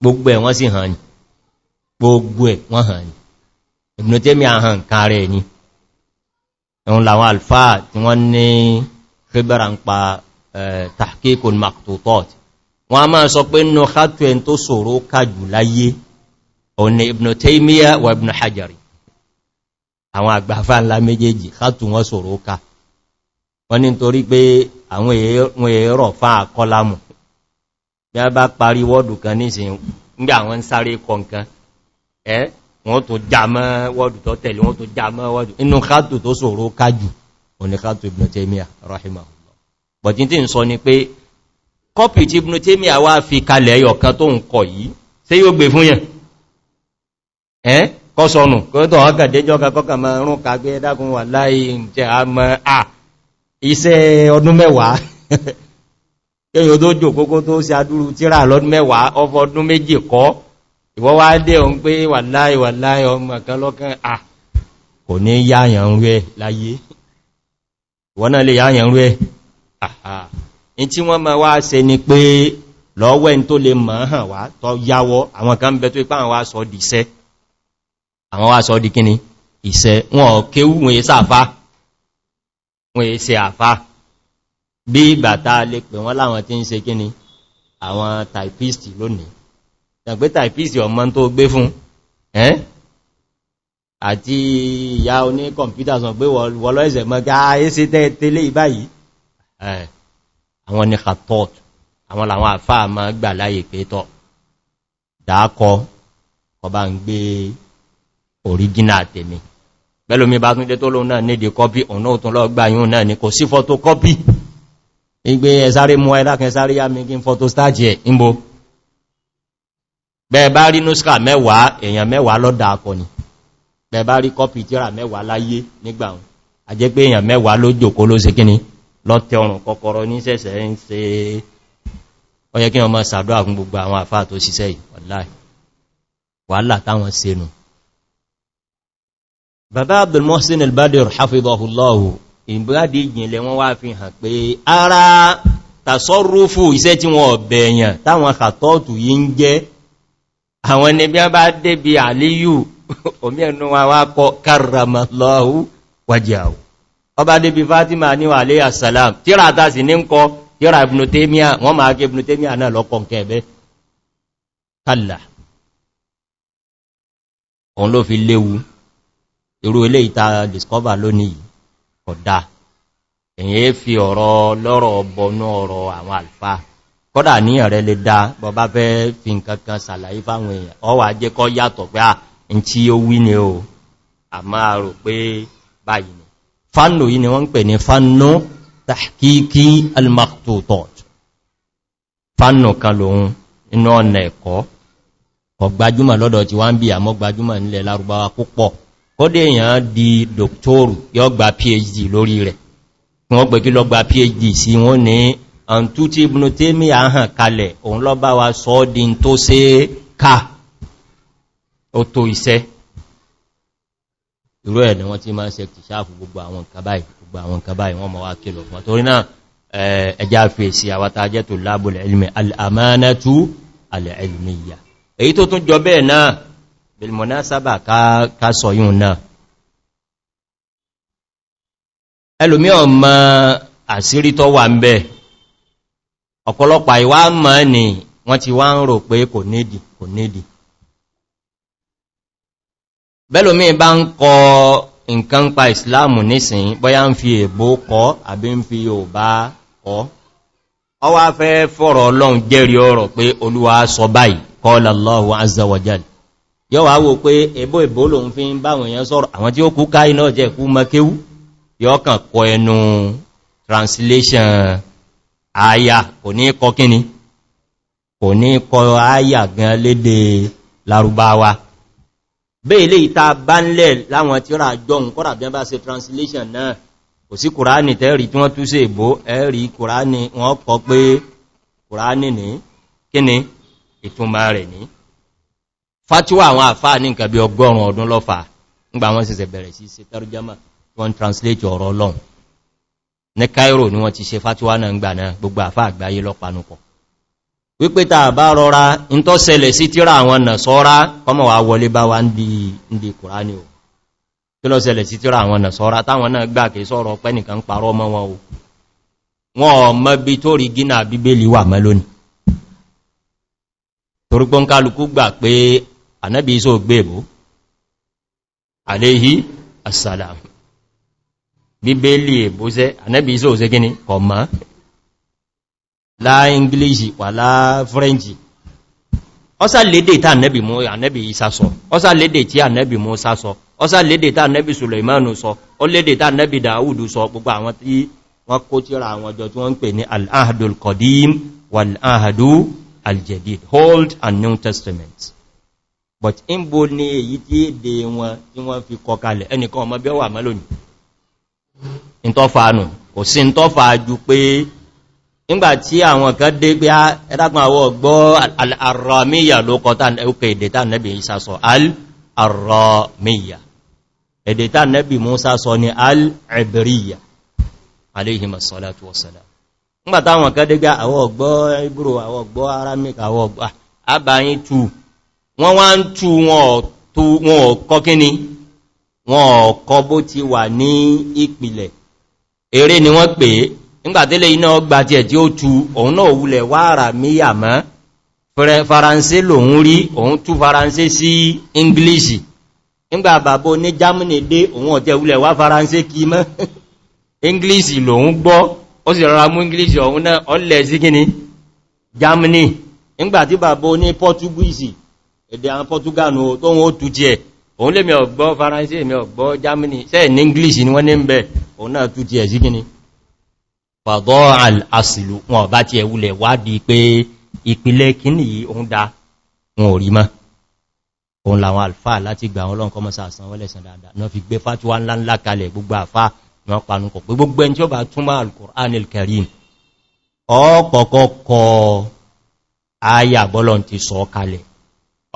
gbogbo ẹ̀ wọ́n sì hàn yìí gbogbo ẹ̀ wọ́n hàn yìí Ibn Taymiyyah àhàn kààrẹ ni ẹ̀hùn làwọn alfáà tí wọ́n ní kébẹ̀rà ń pa tahqiqul maqtutat wọ́n a máa sọ pé nínú khatù ẹn tó ṣòro kàjù láyé ọ̀nà Ibn Taymiyyah wa Ibn Hajar àwọn àgbàfà ńlá méjèèjì khatù wọn ṣòro ká wọ́n ní torí pé àwọn èèrọ̀ fa wọ́n tó jámọ́ wọ́dù tó tẹ̀lé wọ́n tó jámọ́ wọ́dù inú kátù tó sòrò kájù òní kátù Ibn Taymiyyah rahimahullah bọ̀tí tí ń sọ ni pé kọ́pì tí Ibn Taymiyyah wá fi kalẹ̀ ẹyọkan tó ń kọ yìí ṣé yóò gbé fún yẹn ẹ́ kọ́sọ̀nù kọ́tọ̀ a mọ́ à iṣẹ́ ọdún mẹ́wàá kéyàn tó jò kókó tó ṣe adúrú ìwọ́ wá dé òun pé wàláì wàláì ọmọ kan lọ́kàn à kò ní yáyàn rẹ̀ láyé wọ́n náà lè yáyàn rẹ̀ àhà in tí wọ́n ma wá ṣe ni pé lọ́wẹ́ tó lè mọ̀ hàn wá tọ́ yáwọ́ àwọn kan bẹ tó ipá àwọn wá sọ di àwọn wá sọ ìyàpẹ́ tàìpìsì ọmọ tó gbé fún ẹ́ àti ìyá oní kọmpútà sọ pé wọ́lọ́ ẹ̀sẹ̀ mọ́gá ẹ́sì tẹ́lẹ̀ ìbáyìí àwọn ni kàtọ́t àwọn làwọn àfáà ma gbà láyé pétọ́ dákọ ọba ń gbé orígínà tèmi bẹ́lómi bá tún dé tó lóun náà nídi kọ́pí ọ̀nà òtún lọ gbà yíò náà ni kò sí fọ́tò kọ́pí igbe ẹ̀sáré mú ẹ̀dá kẹsáré yá mi kí n fọ́tò stájì ẹ̀ ń bo bẹ̀ẹ̀bá rí núskà mẹ́wàá èèyàn mẹ́wàá lọ́dà akọni bẹ̀ẹ̀bá rí kọ́pì tíra mẹ́wàá láyé nígbà wọn a jẹ́ pé èèyàn mẹ́wàá ló jòkó ló se kíni lọ́tẹ̀ ọrùn kọkọrọ ní sẹ́sẹ̀ ń se ọyẹ́ kí ọmọ sàdọ́ fún gbogbo àwọn àfá tó ṣiṣẹ́ yìí wallahi wàhálà senu bàbá Abdul Muhsin al-Badir hafidhahullahu ìbúrádì ìjìnlẹ̀ wọ́n wá fi hàn pé ara tasọ́rúfù iṣẹ́ tí wọ́n ọ̀bẹ̀ẹ̀yàn àwọn ẹni bí a bá débi àlíyù omi ẹnu wa wá kọ karramallahu wajhahu ọba débi fatima ní wà lè àsàlám tíra àtà sí ní ń kọ tíra ibn taymiya wọ́n máa gẹ ibn taymiya náà lọ́kọ̀ kẹ́ẹ̀bẹ́ kàlà òun ló fi léwu irú ilé ìta discover lónìí kódà èyí fi ọ̀rọ̀ lọ́rọ̀ ọbọnú ọ̀rọ̀ àwọn àlfáà kọ́dà ní ọ̀rẹ́ lè dá bọ̀bá fẹ́ fi nǹkan kan sàlàyé fáwọn èèyàn ọ wà jẹ́ kọ́ yàtọ̀ pé à ń tí ó wí ni o a máa rò pé báyìí ni fánò yìí ni wọ́n ń pè ní fánò tàkíkí almaktotot fánò kan lòun inú ọ̀nà ẹ̀kọ́ di dòktórù yọ́ gba phd lórí rẹ̀ wọ́n pẹ̀ kí àǹtú tí ibùnú tí mí àhàn kalẹ̀ òun lọ bá wa sọ di tó sé ká ó tó iṣẹ́ irú ẹ̀ ni wọ́n ti máa ń ṣe kìṣáàfù gbogbo àwọn kàbáyì gbogbo àwọn kàbáyì wọ́n ma wá kílọ̀ fún torí náà ẹjá fèsì àwátá jẹ́ tó lábùl ilmi al'amánátú al'ilmiya èyí tó tún jọ bẹ́ẹ̀ náà bilmọ̀ná sábà ká sọyún náà ẹlòmí ọmọ àsírí tó wà ń bẹ́ẹ̀ ọ̀pọ̀lọpàá ìwà mọ́ ní wọ́n ti wá ń rò pé kò nídì kò nídì bẹ́lòmí bá ń kọ nǹkan pa ìsìláàmù nísìn bọ́yá ń fi èbó kọ àbí ń fi yóò bá ọ wá fẹ́ fọ́rọ̀ ọlọ́run jẹ́rìí ọ̀rọ̀ pé olúwa sọ báyìí qala wa jalla yọ́ wá wò pé èbó èbó lòun fi ń báwọn èèyàn sọ̀rọ̀ àwọn tí translation Aya kò ní kọ kíni kò ní kọ àyà gan lédè Lárúbáwá bí ilé ìta bá láwọn tí ó rà jọun kọ́rà bí wọ́n bá ṣe translation náà kò sí kùránì tẹ́rì tí wọ́n tún sí ìbò ẹ̀rì kùránì wọ́n kọ pé kùránì ní kíni ìtumà rẹ̀ ní fàtíwà àwọn àfáà ní nǹkan bí ọgọ́rùn-ún ọdún lọ́fà nígbà wọ́n sì ṣẹ̀ṣẹ̀ bẹ̀rẹ̀ sí sí tẹ́rù jẹ́mà wọ́n translate ọ̀rọ̀ ọlọ́run ní Cairo ni wọ́n ti ṣe fatiwa náà ń gbà náà gbogbo àfá àgbáyé lọ́panupọ̀ wípé ta bá rọra in tó ṣẹlẹ̀ sí tíra àwọn nà sọ́rá kọmọ wà wọlé bá wá ndí kùránì o kí ló ṣẹlẹ̀ sí tíra àwọn nà sọ́rá táwọn náà gbà kì sọ́rọ̀ pẹ́ nìkan parọ́ mọ́ wọn o wọn ò mọ̀ bí tó rí gínà bíbélì wà mọ́ lónìí bíbélì ìbúzẹ́ ànẹ́bì iṣẹ́ òṣe gíní ọmọ láà ingilishi wà láà frenji ọsá lédè tí ànẹ́bì mú ànẹ́bì isa sọ ọsá lédè tí ànẹ́bì mú sá sọ ọsá lédè tí ànẹ́bì suleimanu sọ ó lédè tí ànẹ́bì dawudu sọ gbogbo àwọn tí wọ́n kó tíra àwọn ọjọ́ tí wọ́n ń pè ní al-ahadul qadim wal and new testament but in bo ni èyí tí èdè wọn tí wọ́n fi kọkalẹ̀ ẹnìkan ìntọ́fàánù kò sí ìntọ́fà jù pé nígbàtí àwọn kan dé pé ah, ẹ̀dàkùn àwọ̀ ọgbọ́ al'arramiyya ló kọta ẹ̀kẹ́ ìdẹta nẹ́bì Ìsá sọ al'arramiyya ìdẹta nẹ́bì Músá sọ ni al'ibiriyya aléhìmọ̀ sọ́látù wọ́sọ́lá nígbàtí àwọn kan dé pé àwọ̀ ọgbọ́ ibro àwọ̀ ọgbọ́ aramik àwọ̀ ọgbọ́ wọn ọ̀kọ́ bó ti wà ní ìpìlẹ̀ eré ni wọ́n pè nígbàtílé iná ọgbà tí ẹ̀ tí ó tu òun náà wulẹ̀ wáàrà míyà mọ́ faransé lòun rí òun tú faransé sí ingilishi nígbà bàbá ní germany dé òun ọ̀tẹ́ wulẹ̀ wá faransé kí mọ́ ingilishi lòun gbọ́ ó sì rọra mú ingilishi òun náà ọlẹ̀ sí kíni germany nígbàtí bàbá ní portuguese èdè àwọn portugal tó wọ́n ó tu jẹ́ òun lè mi ọ̀gbọ́ faransé mi ọ̀gbọ́ germany sẹ́ ní english ni wọ́n ní ń bẹ̀ òun náà tú ti ẹ̀sí gíní fàdọ́ àṣìlù wọn bá ti ẹ̀wulẹ̀ wádìí pé ìpìlẹ̀ kíní yìí òun dá wọn ò rí mọ́ òun làwọn alfa láti gbà wọn lọ́nkọ́ mọ́sá àsán wọ́lẹ̀ sàn dáadáa náà fi gbé fàtíwá ńlá ńlá kalẹ̀ gbogbo àfá wọn panukọ̀ pé gbogbo ẹni tí ó bá túnmọ́ alkùnrin kẹrin ọ̀pọ̀kọ̀kọ̀ ayà bọ́lọ̀ ti sọ kalẹ̀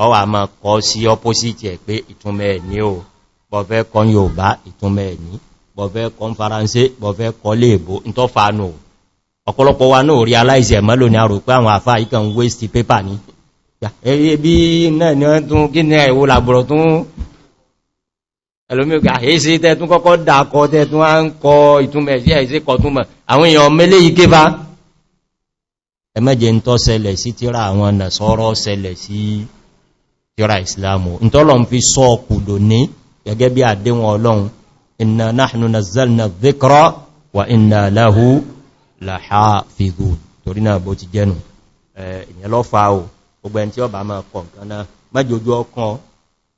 ọwà ma kọ sí ọpósìtì ẹ̀ pé ìtúnmẹ́ ẹ̀ o bọ̀fẹ́ kan Yorùbá ìtúnmẹ́ ẹ̀ ní bọ̀fẹ́ kan Faransé bọ̀fẹ́ kọ léèbó ń ọ̀pọ̀lọpọ̀ wa náà realize ẹ̀mọ́ ló ní a rò pé àwọn àfá ìkan waste paper ní ẹ̀yẹ náà ni wọ́n tún kí ní ẹ̀wò làbọ̀rọ̀ tún ẹlòmíkà èsì tẹ́tún kọ́kọ́ dákọ tẹ́tún á ń kọ ìtúnmẹ̀ sí ẹ̀sì kọtúnmẹ̀ àwọn èèyàn mẹ́lé ike bá ẹmẹ́jẹ ń tọ́ ṣẹlẹ̀ sí tíra àwọn nàṣọ́rọ̀ ṣẹlẹ̀ sí kíra ìsìláàmù ìtọ́lọ̀ ń fi sọ kùdò ní gẹ́gẹ́ bí àdéwọn ọlọ́run inna nahnu nazzalna dhikra wa inna lahu lahafidhun torí náà bó ti jẹ́nu ìyẹn lọ fa o gbogbo ẹni tí ọba máa kọ nǹkan náà májòjú ọkàn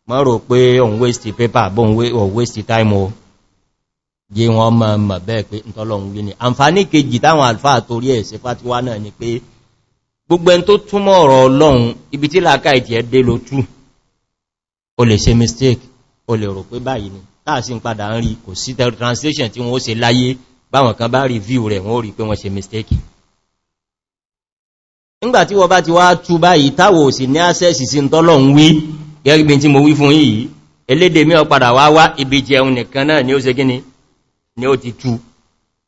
má rò pé òun waste paper bó òun waste time o jẹ́ wọn gbogbo ẹn tó túnmọ̀ ọ̀rọ̀ ọlọ́run ibi tí làákà ìtì ẹ́ dé ló tú o lè ṣe mistake o lè rò pé báyìí ni táàsí ń padà ń rí kò sí translation tí wọ́n ó ṣe láyé báwọn kan bá review rẹ̀ wọ́n rí pé wọ́n ṣe mistake nígbàtí wọ́n bá ti wá tú báyìí táwò sí ní access sí tọ́lọ̀un wí gẹ́gẹ́ tí mo wí fún yìí elédè mí ọ̀padà wá wá ibi jẹun nìkan náà ni ó ṣe gíní ni ó ti tú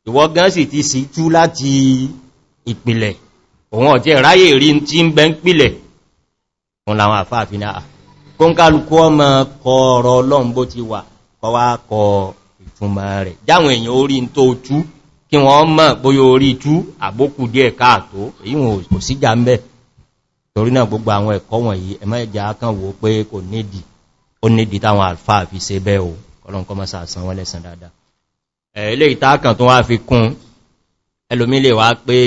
ìwọ sì ti sí tú láti ìpìlẹ̀ òun ọ̀jẹ́ ráyè rí tí ń bẹ ń pìlẹ̀ fún láwọn àfáàfin náà kó ń kálukú ọmọ kọ ọ̀rọ̀ ọlọ́run bó ti wà kọwàá kọ ìtumọ̀ rẹ̀ jáwọn èèyàn orí ń tó tú kí wọ́n mọ̀ bóyá orí tú àbókù díẹ̀ káàtó èyíwọ̀n kò sí já ń bẹ̀ torí náà gbogbo àwọn ẹ̀kọ́ wọ̀nyí ẹmọ́ ẹja kan wo pé kò nídi ó nídi táwọn àlfáà fi ṣe bẹ́ o ọlọ́run kọ́ mọ́sà san wọ́n lẹ́sàn dáadáa ilé ìtàkàn tó wá fi kún ẹlòmílè wá pé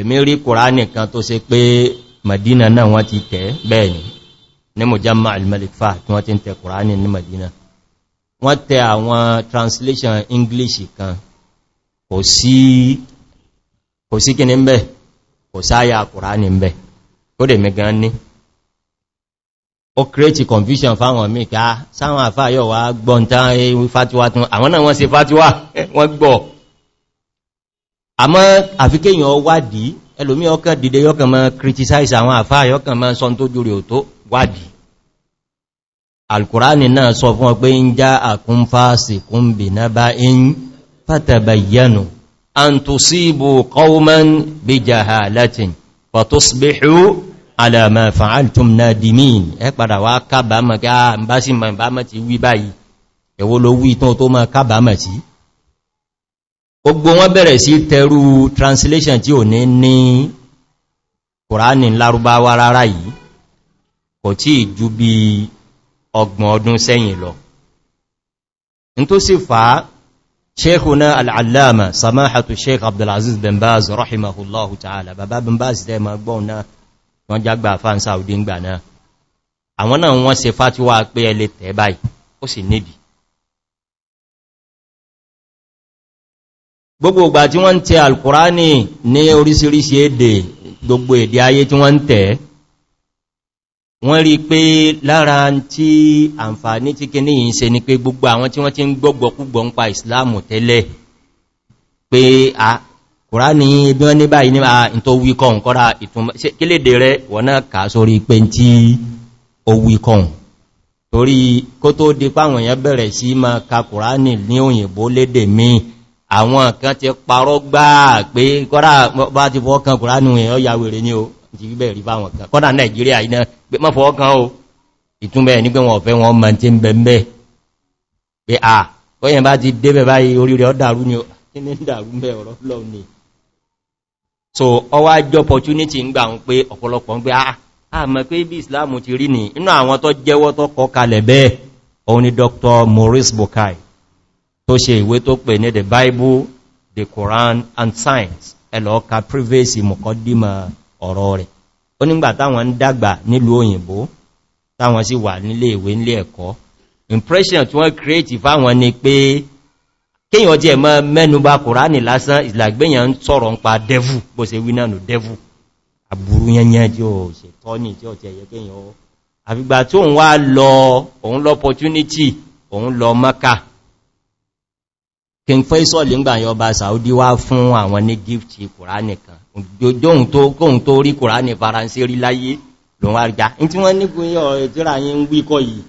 èmi rí kùránì kan tó ṣe pé madina náà wọ́n ti tẹ̀ bẹ́ẹ̀ ni ní mujamma al-malik fahd tí wọ́n ti ń tẹ kùránì ní madina wọ́n tẹ àwọn translation english kan kò sí kò sí kí ní ń bẹ̀ kò sáyà kùránì ń kó dẹ̀ mẹ́gan ní ó create confusion fáwọn mẹ́ka ah, sáwọn àfáyọ̀ wá gbọ́ntá eh, fatiwa tún àwọn náà wọ́n ṣe fatiwa wọ́n gbọ́ àmọ́ àfikéyàn wádìí ẹlòmí ọkàn dìde yọ́kàn mọ́ criticize àwọn àfáà yọ́kàn mọ́ sọ tó jùrì ò tó wádìí alkùránì náà sọ fún ọ pé ń já àkúnfàásì kún bì ná bá ń fàtàbàyànù an tó síbò kọ́wọ́mán bí jàhà latin fàtọ́sbíhú alàmà fa'altum na dimin ẹ padà wá gbogbo wọn bẹ̀rẹ̀ sí tẹrù translation tí ò ní ní kòránì lárúbáwá rárá yìí kò tí ìjú bí ọgbọ̀n ọdún sẹ́yìn lọ ní tó sì fà á ṣékùnà al'allama samahatu sheik abdulaziz bin baz rahimahullahu ta'ala bàbá bin baz tẹ́ ma gbọ́n náà wọ́n jágbà fáńsà òdíngbà náà àwọn náà wọ́n se fátíwá pé ẹlẹ́tẹ̀ẹ́ báyìí ó sì nídìí gbogbo ìgbà tí wọ́n ń tẹ alkùránì ní orísìírísìí èdè gbogbo èdè ayé tí wọ́n ń tẹ̀ wọ́n rí pé lára tí àǹfàní tí kí níyìn se ni pé gbogbo àwọn tí wọ́n ti ń gbọ́gbọ́ púgbọ́ ń pa ìsìláàmù tẹ́lẹ̀ pé a kùránì ibi wọ́n ní báyìí ní àìntó wíkọ̀n kọ́ra kílèdè rẹ̀ wọ́n náà kà sórí pé tí ó wíkọ̀n torí kó tó di páwọn èèyàn bẹ̀rẹ̀ àwọn kan ti parọ́ gbáà pé kọ́dá bá ti fọ́ọ̀kan kùránù èèyàn ya wèrè ní o ti rí bẹ̀rí bá wọn kan kọ́dá nàìjíríà iná pé mọ́ fọ́ọ̀kan o ìtúnbẹ̀ ní pé wọn ọ̀fẹ́ wọn mọ̀ tí ń bẹ̀ mẹ́ pé à kọ́yìn bá ti débẹ̀ báyìí orí rẹ̀ ọ̀dàrú so ọwá jọ opportunity ń gbà ń pé ọ̀pọ̀lọpọ̀ ń pé a mọ̀ pé bí islam ti rí ni inú maurice bukai tó ṣe ìwé tó pè ní the bible the quran and science ẹlọ́ọ̀ka privacy mọ̀kọ́dímọ̀ ọ̀rọ̀ rẹ̀ ó nígbà táwọn ń dàgbà nílùú òyìnbó táwọn sí wà nílé ìwé nílé ẹ̀kọ́ impression tí wọ́n create fáwọn ni pé kíyàn jẹ́ mọ́ mẹ́nubá kòránì lásán ìlàgbéyàn ń tọ́rọ ń pa devil bó ṣe wí nánú devil àbúrú yẹnyẹn tí ó ṣe tọ́nì tí ó ti ẹ̀yẹ kíyàn ó àfìgbà tó ń wá lọ òun lọ opportunity òun lọ mọ́ka King Faisal ńgbà yọ bá Saudi wá fún àwọn ní gift Kùránì kan. Jóhun tó kóhun tó rí Kùránì Faransé rí láyé lòun àrígá. In tí wọ́n nígun yọ ìtíra yí ń wíkọ́ yìí.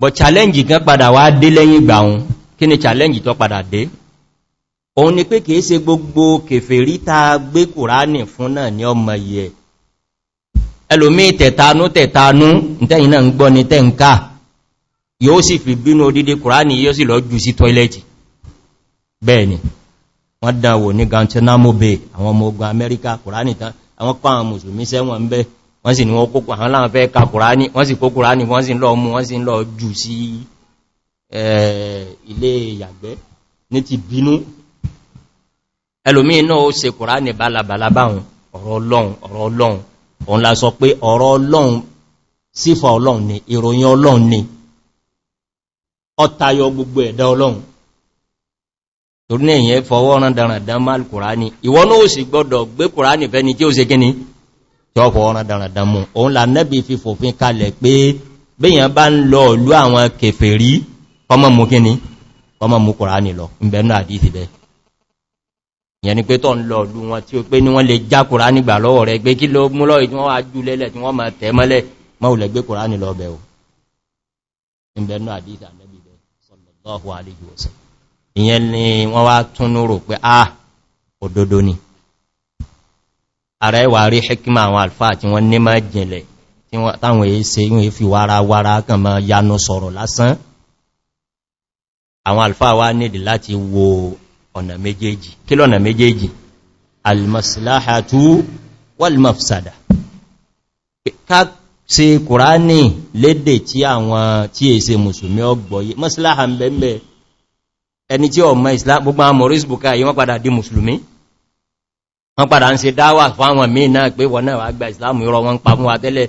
But challenge kan padà wá dé lẹ́yìn ìgbà òun. Kí challenge tó padà dé? Òun ni pé k'e se gbogbo kèfèrí ta gbé Kùránì fún náà ní ọmọ yẹ. Ẹlòmí tẹ̀tanú tẹ̀tanú, ìtẹ́yìn náà ń gbọ́ ni tẹ́ yóò sì fi bínú odídé kùránì yóò sì lọ jù sí tọ́ilẹ̀tì bẹ́ẹ̀ni wọ́n dáwò ní guantanamo bay àwọn ọmọ ogun amẹ́ríkà kùránì tán àwọn pa àwọn mùsùlùmí sẹ́wọ̀n bẹ́ wọ́n sì ni wọ́n kókò àwọn láwọn fẹ́ ka kùránì wọ́n sì kó kùránì wọ́n sì lọ mú wọ́n sì lọ jù sí ilé yàgbẹ́ ní ti bínú ẹlòmíì náà ó se kùránì bálabàlá báhùn ọ̀rọ̀ ọlọ́run ọ̀rọ̀ ọlọ́run òun la sọ pé ọ̀rọ̀ ọlọ́run sífà ọlọ́run ni ìròyìn ọlọ́run ni ọtayọ gbogbo ẹ̀dá ọlọ́run torí ní èyàn fọwọ́ rán dáradára máa kùránì ìwọ náà sì gbọ́dọ̀ gbé kùránì fẹ́ni tí ó se gíní tí ó fọwọ́ rán dáradára mú òun là nẹ́bí fi fòfin kalẹ̀ pé bíyàn bá ń lọ ìlú àwọn kèfèrí kọmọ mú gíní kọmọ mú kùránì lọ ìbẹ̀nú àdíti bẹ́ ìyẹn ni pé tọ́ ń lọ sallallahu alayhi wa sallam ìyẹn ni wọ́n wá túnú rò pé a ah, òdodo ni ara ẹwà rí hikima àwọn alfa tí wọ́n ní máa jìnlẹ̀ táwọn èése yíò fi wárawára kan máa yanu sọ̀rọ̀ lásán àwọn alfa wá nìdí láti wo ọ̀nà méjèèjì kí lọ́nà méjèèjì almaslahatu walmafsada ṣe kùránì lédè tí àwọn tí è ṣe mùsùlùmí ọgbọ̀yé mọ́síláhà ń bẹ̀m̀bẹ̀ ẹni tí ọmọ islam gbogbo àwọn maurice buka yí wọ́n padà di mùsùlùmí wọ́n padà ń ṣe dáwà fún àwọn míì náà pé wọ́n náà gba islam yọ́rọ wọn pa fún wa tẹ́lẹ̀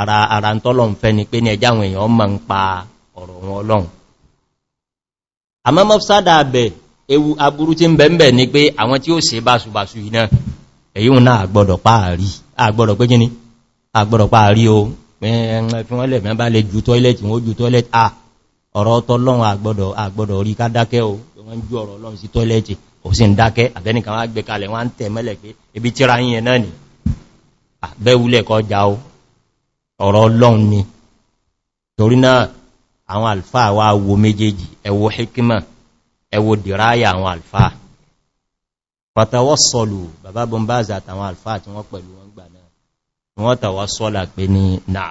ara ara ń tọ́lọ̀ ń fẹ́ pa ọ̀rọ̀ wọn ọlọ́run ewu aburú tí ń bẹ̀m̀bẹ̀ ni pé àwọn tí ó se báṣubàṣu iná èyí ń náà gbọ́dọ̀ páàrí àgbọ́dọ̀ pé gíní àgbọ́dọ̀ páàrí o fi wọ́n lẹ̀ mẹ́bá lè ju tọ́ílẹ̀tì wọ́n ju tọ́ílẹ̀tì à ọ̀rọ̀ tọ́lọ́run àgbọ́dọ̀ o wọ́n ju ọ̀rọ̀ lọ́run sí tọ́ílẹ̀tì ò sí ń dákẹ́ àbẹ́nìkan wá gbé kalẹ̀ wọ́n tẹ̀ mẹ́lẹ̀ pé ibi tíra àwọn àlfáà wá wo méjèèjì ẹ̀wọ̀ hikima ẹwò dìráyà àwọn alfa fàtàwọ́ sọlù bàbá bọmbáza àtàwọn alfa tí wọ́n pẹ̀lú wọn gbà náà wọ́n tàwọ́ sọ́là pé ní náà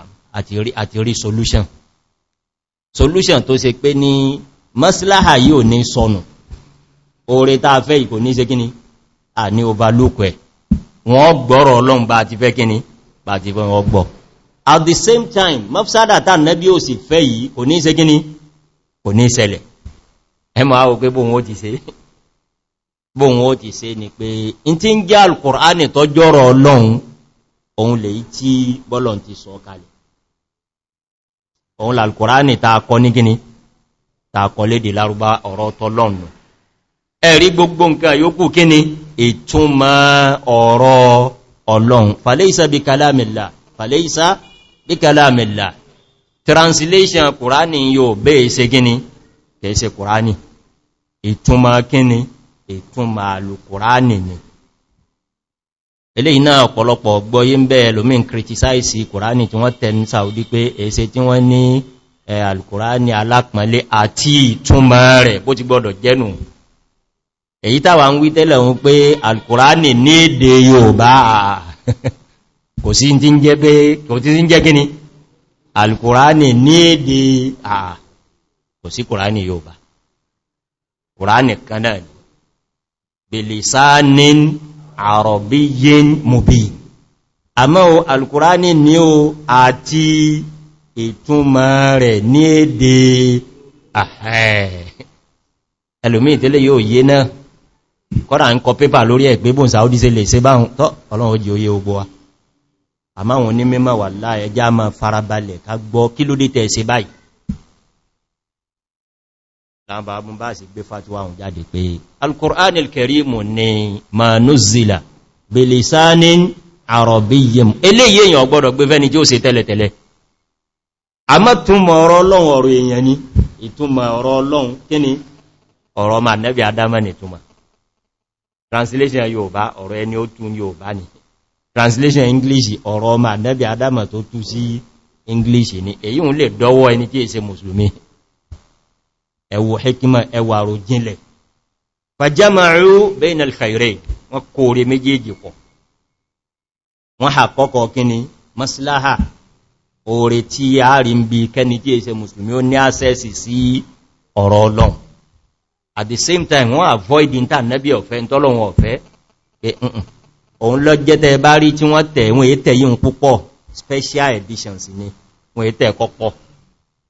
àti rí solution solution tó se pé ní maslaha yìí ò ní sọnù oore táa fẹ́ ìkò ní se kíni à ní overlook ẹ̀ wọ́n gbọ́rọ̀ ọlọ́run bá ti fẹ́ kíni bá ti fẹ́ wọ́n gbọ́ at the same time mafsada ta nabi o si fẹ́ yìí kò ní se kò ní ṣẹlẹ̀ ẹmọ̀ àwọn pé bóhun ó ti ṣe bóhun ó ti ṣe ni pé in ti ń jẹ́ alkùránì tó jọ́rọ̀ ọlọ́run òun lè tí bọ́lọ̀n ti sọ kalẹ̀ òun lalkùránì ta kọ ní gíní ta kọ lédè lárúbá ọ̀rọ̀ tọ́lọ́nù bi kalamillah translation kùránì yóò bẹ́ẹ̀ ṣe gíní kẹ́ẹ̀ṣe kùránì ìtúnmà kíni ìtúnmà alùkùránì ni eléyìí náà ọ̀pọ̀lọpọ̀ gbọ́yé ń bẹ́ẹ̀ lómí ń kìrìtìsáìsì kùránì tí wọ́n tẹnu saudi pé èsẹ tí wọ́n ní alùkùránì alápọ̀nlé àti ìtúnmà rẹ̀ bó ti gbọ́dọ̀ jẹ́nu èyí táwà ń wí tẹ́lẹ̀ wọn pé alùkùránì ní èdè yóòbá kò sí ti ń jẹ́ gíní alùkùránì ní èdè kò sí kùránì yóòbá kùránì kan náà ni bilisanin arọ̀bíyìn mubi àmọ́ o alkùránì ni o àti ìtumọ̀ rẹ̀ ní èdè àhẹ́ ẹlòmí ìtẹ́lẹ̀ yóò yé náà kọ́rà ń kọ pépà lórí ẹ̀gbé bùn saudi se lè ṣe bá ń tọ́ ọlọ́run ojú oyé ogbó wa àmáwọn onímẹ́mà wà láẹjá máa farabalẹ̀ ká gbọ́ kí ló dé ṣe báyìí láàbà abun bá sì gbé fàtíwà hùn jáde pé alkùránil kẹrìmù ni manuzila bilisanin arabiyyim eléyìí èyàn ọgbọ́dọ̀ gbé fẹ́ni tí ó ṣe tẹ́lẹ̀tẹ́lẹ̀ a má túnmọ̀ ọ̀rọ̀ ọlọ́run ọ̀rọ̀ èèyàn ni ìtúnmọ̀ ọ̀rọ̀ ọlọ́run kí ni ọ̀rọ̀ ma nẹ́bí adámẹ́ ni túnmọ̀ translation Yorùbá ọ̀rọ̀ ẹni ẹwọ hekima ẹwà àrò jínlẹ̀ fàjámàrú bẹ́ẹ̀nà alkhaire wọ́n kóòrè méjèèjì pọ̀ wọ́n hà kọ́kọ́ kíni maslaha oore tí a rí ń bí kẹni tí èsẹ musulmi ó ní àṣẹ́sì sí ọ̀rọ̀ ọlọ́run at the same time wọ́n avoid inter nẹ́bí ọ̀fẹ́ tọ́lọ̀wọ̀n ọ̀fẹ́ pé òun lọ jẹ́tẹ̀ bá rí tí wọ́n tẹ̀ wọ́n èé tẹ̀ yí púpọ̀ special editions ni wọ́n èé tẹ̀ kọ́pọ̀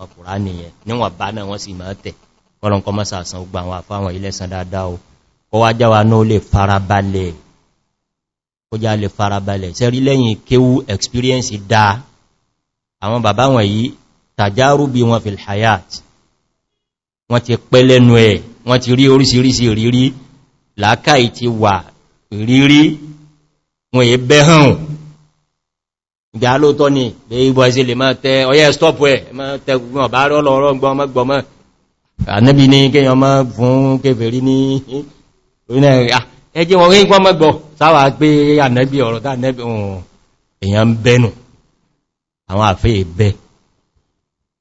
àwọn kùránì yẹn níwọ̀n bá náà wọ́n sì máa tẹ̀ kọ́lọ̀nkọ́ mọ́sà àsàn ogbà àwọn àfáwọn ilẹ̀sàn dáadáa o kọ́ wá jáwa náà lè farabalẹ̀ kó já lè farabalẹ̀ sẹ́rí lẹ́yìn kéwú experience dá àwọn bàbá wọn yìí tàjárúbí wọn fi hayat wọ́n ti pẹ́ lẹ́nu ẹ̀ wọ́n ti rí orísìírísì rírí làákàí ti wà rírí wọn èé bẹ́hàn gbà lóòtọ́ ni bí ibò ẹ̀sẹ̀ lè máa tẹ ọyẹ́ stop ẹ̀ máa tẹ gbọ́n bá rí ọlọ́rọ̀ gbọ́n mọ́gbọ́mọ́ ànábì ní kíyàn mọ́ fún kéfèrí ní orílẹ̀ ah, ẹjẹ́ wọn rí gbọ́n mọ́gbọ́ sáwà pé ànábì ọ̀rọ̀ tá ànábì èèyàn ń bẹ́nu àwọn àfẹ́ ẹ̀bẹ́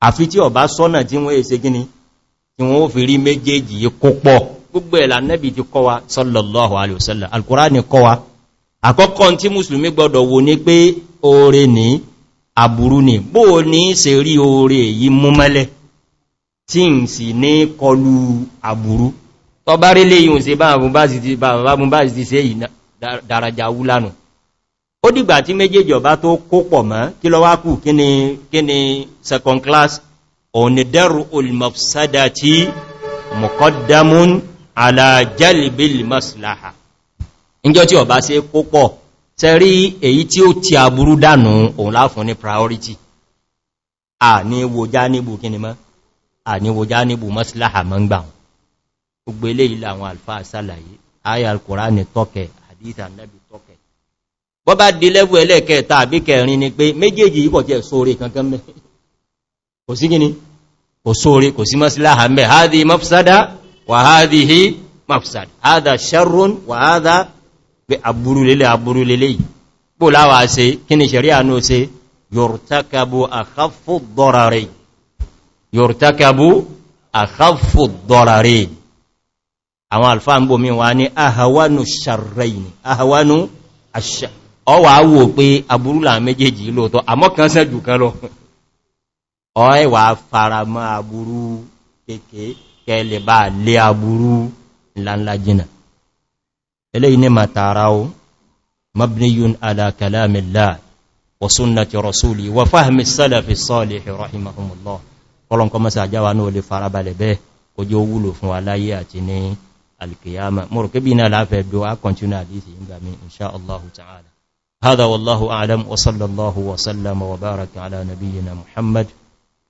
àfi tí ọ̀bá sallallahu alaihi wasallam alkùránì kọ́ wa àkọ́kọ́ tí mùsùlùmí gbọ́dọ̀ wo oore ní àbúrú ní bó ní ṣe rí oore yí mú mẹ́lẹ̀ tí ń sì ní kọlu àbúrú tọ bá rí lè yíò se báàbùn bá ti se dàrajà wúlànà ó dìgbà tí méjèèjì ọba tó kó pọ̀ mọ́ kí lọ wá kù kí ni second class òní dẹ́rù olùmọ̀sádà tí mọ̀kọ́dámún alájálìbìlì maslaha ìjọ tí ọba se kó pọ̀ tẹ́rí èyí tí ó ti àbúrú dànù òun láfún ní priority a ní wo já níbù kíni mọ́ a ní wo já níbù mọ́síláhà mọ́ ń gbà wọn gbogbo ilé ilẹ̀ àwọn alfáà sálàyé ayà alkùránì tọ́kẹ̀ àdíta nẹ́bì tọ́kẹ̀ bọ́ bá di lẹ́bù ẹlẹ́kẹta àbí kẹrin ni pé méjèèjì yíkọ̀ jẹ́ sóre kankan mẹ́ kò sí gíní kò sóre kò sí mọ́síláhà mẹ́ hádìí mafsada wà hádìí mafsada hádà sharrun wà hádà pé àbúrú lélẹ̀ àbúrú lélẹ̀ yìí bó láwàá ṣe kí ni ṣẹ̀rí àánú ṣe yòrùtákàbù àkáfòdọ́rarẹ̀ yòrùtákàbù àkáfòdọ́rarẹ̀ àwọn alfáà ń bò mí wá ní ahawanu ṣarraini ahawanu aṣà ọwà wò pé aburúlà méjèèjì lóòtọ́ àmọ́ kan sẹ́jù kan lọ ọ̀ẹ́wà faramọ́ aburú kéèkéé kẹ́lẹ̀ bá lé aburú ńláńlá jìnà eléyìí ní màtàrà o mabniyun ala kalamillah wa sunnati rasuli wa fahmi salafi salih rahimahumullah kọlọ̀n kọ mọ́sá àjáwà náà lè farabalẹ̀ bẹ́ẹ̀ ojú ó wúlò fún aláyé àti ní alkiyama mọ̀rùkú náà láfẹ́ bí wá kọntínú àdíthì ń gbàmí inṣá allahu ta'ala هذا والله أعلم وصلى الله وسلم وبارك على نبينا محمد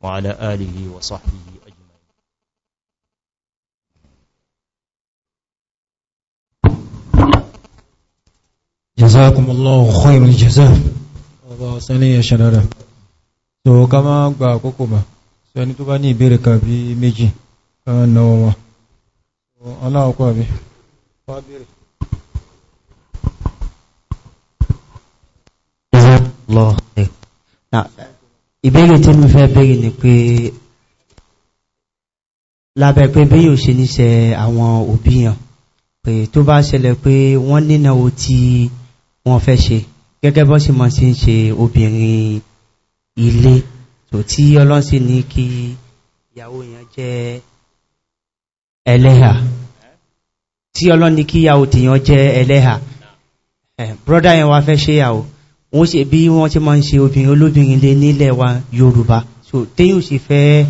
وعلى آله وصحبه jazakumullahu khairul jazaa ọba ọ̀sán ní ẹ̀ṣẹ̀ dára so ká máa gba àkókò bá so ẹni tó bá ní ìbéèrè kan bí méjì kan náà wọn aláwọ̀kọ́ àbí ìbéèrè tí mo fẹ́ béèrè ni pé lábẹ́ pé bí yóò ṣe níṣẹ́ àwọn òbí yàn pé tó bá ṣẹlẹ̀ pé wọ́n nínà ti wọ́n fẹ́ ṣe gẹ́gẹ́ bọ́ sí mọ́ sí ń ṣe obìnrin ilé tó tí ọlọ́sí ní kí ìyàwó èèyàn jẹ́ ẹlẹ́hà tí ọlọ́ni kí ìyàwó tèèyàn jẹ́ ẹlẹ́hà brọ́dá yẹn wá fẹ́ ṣe yàwó wọ́n ṣe bí wọ́n ti máa ń ṣe obìnrin olóbìnrin lé nílẹ̀ wa yorùbá so téyàn sì fẹ́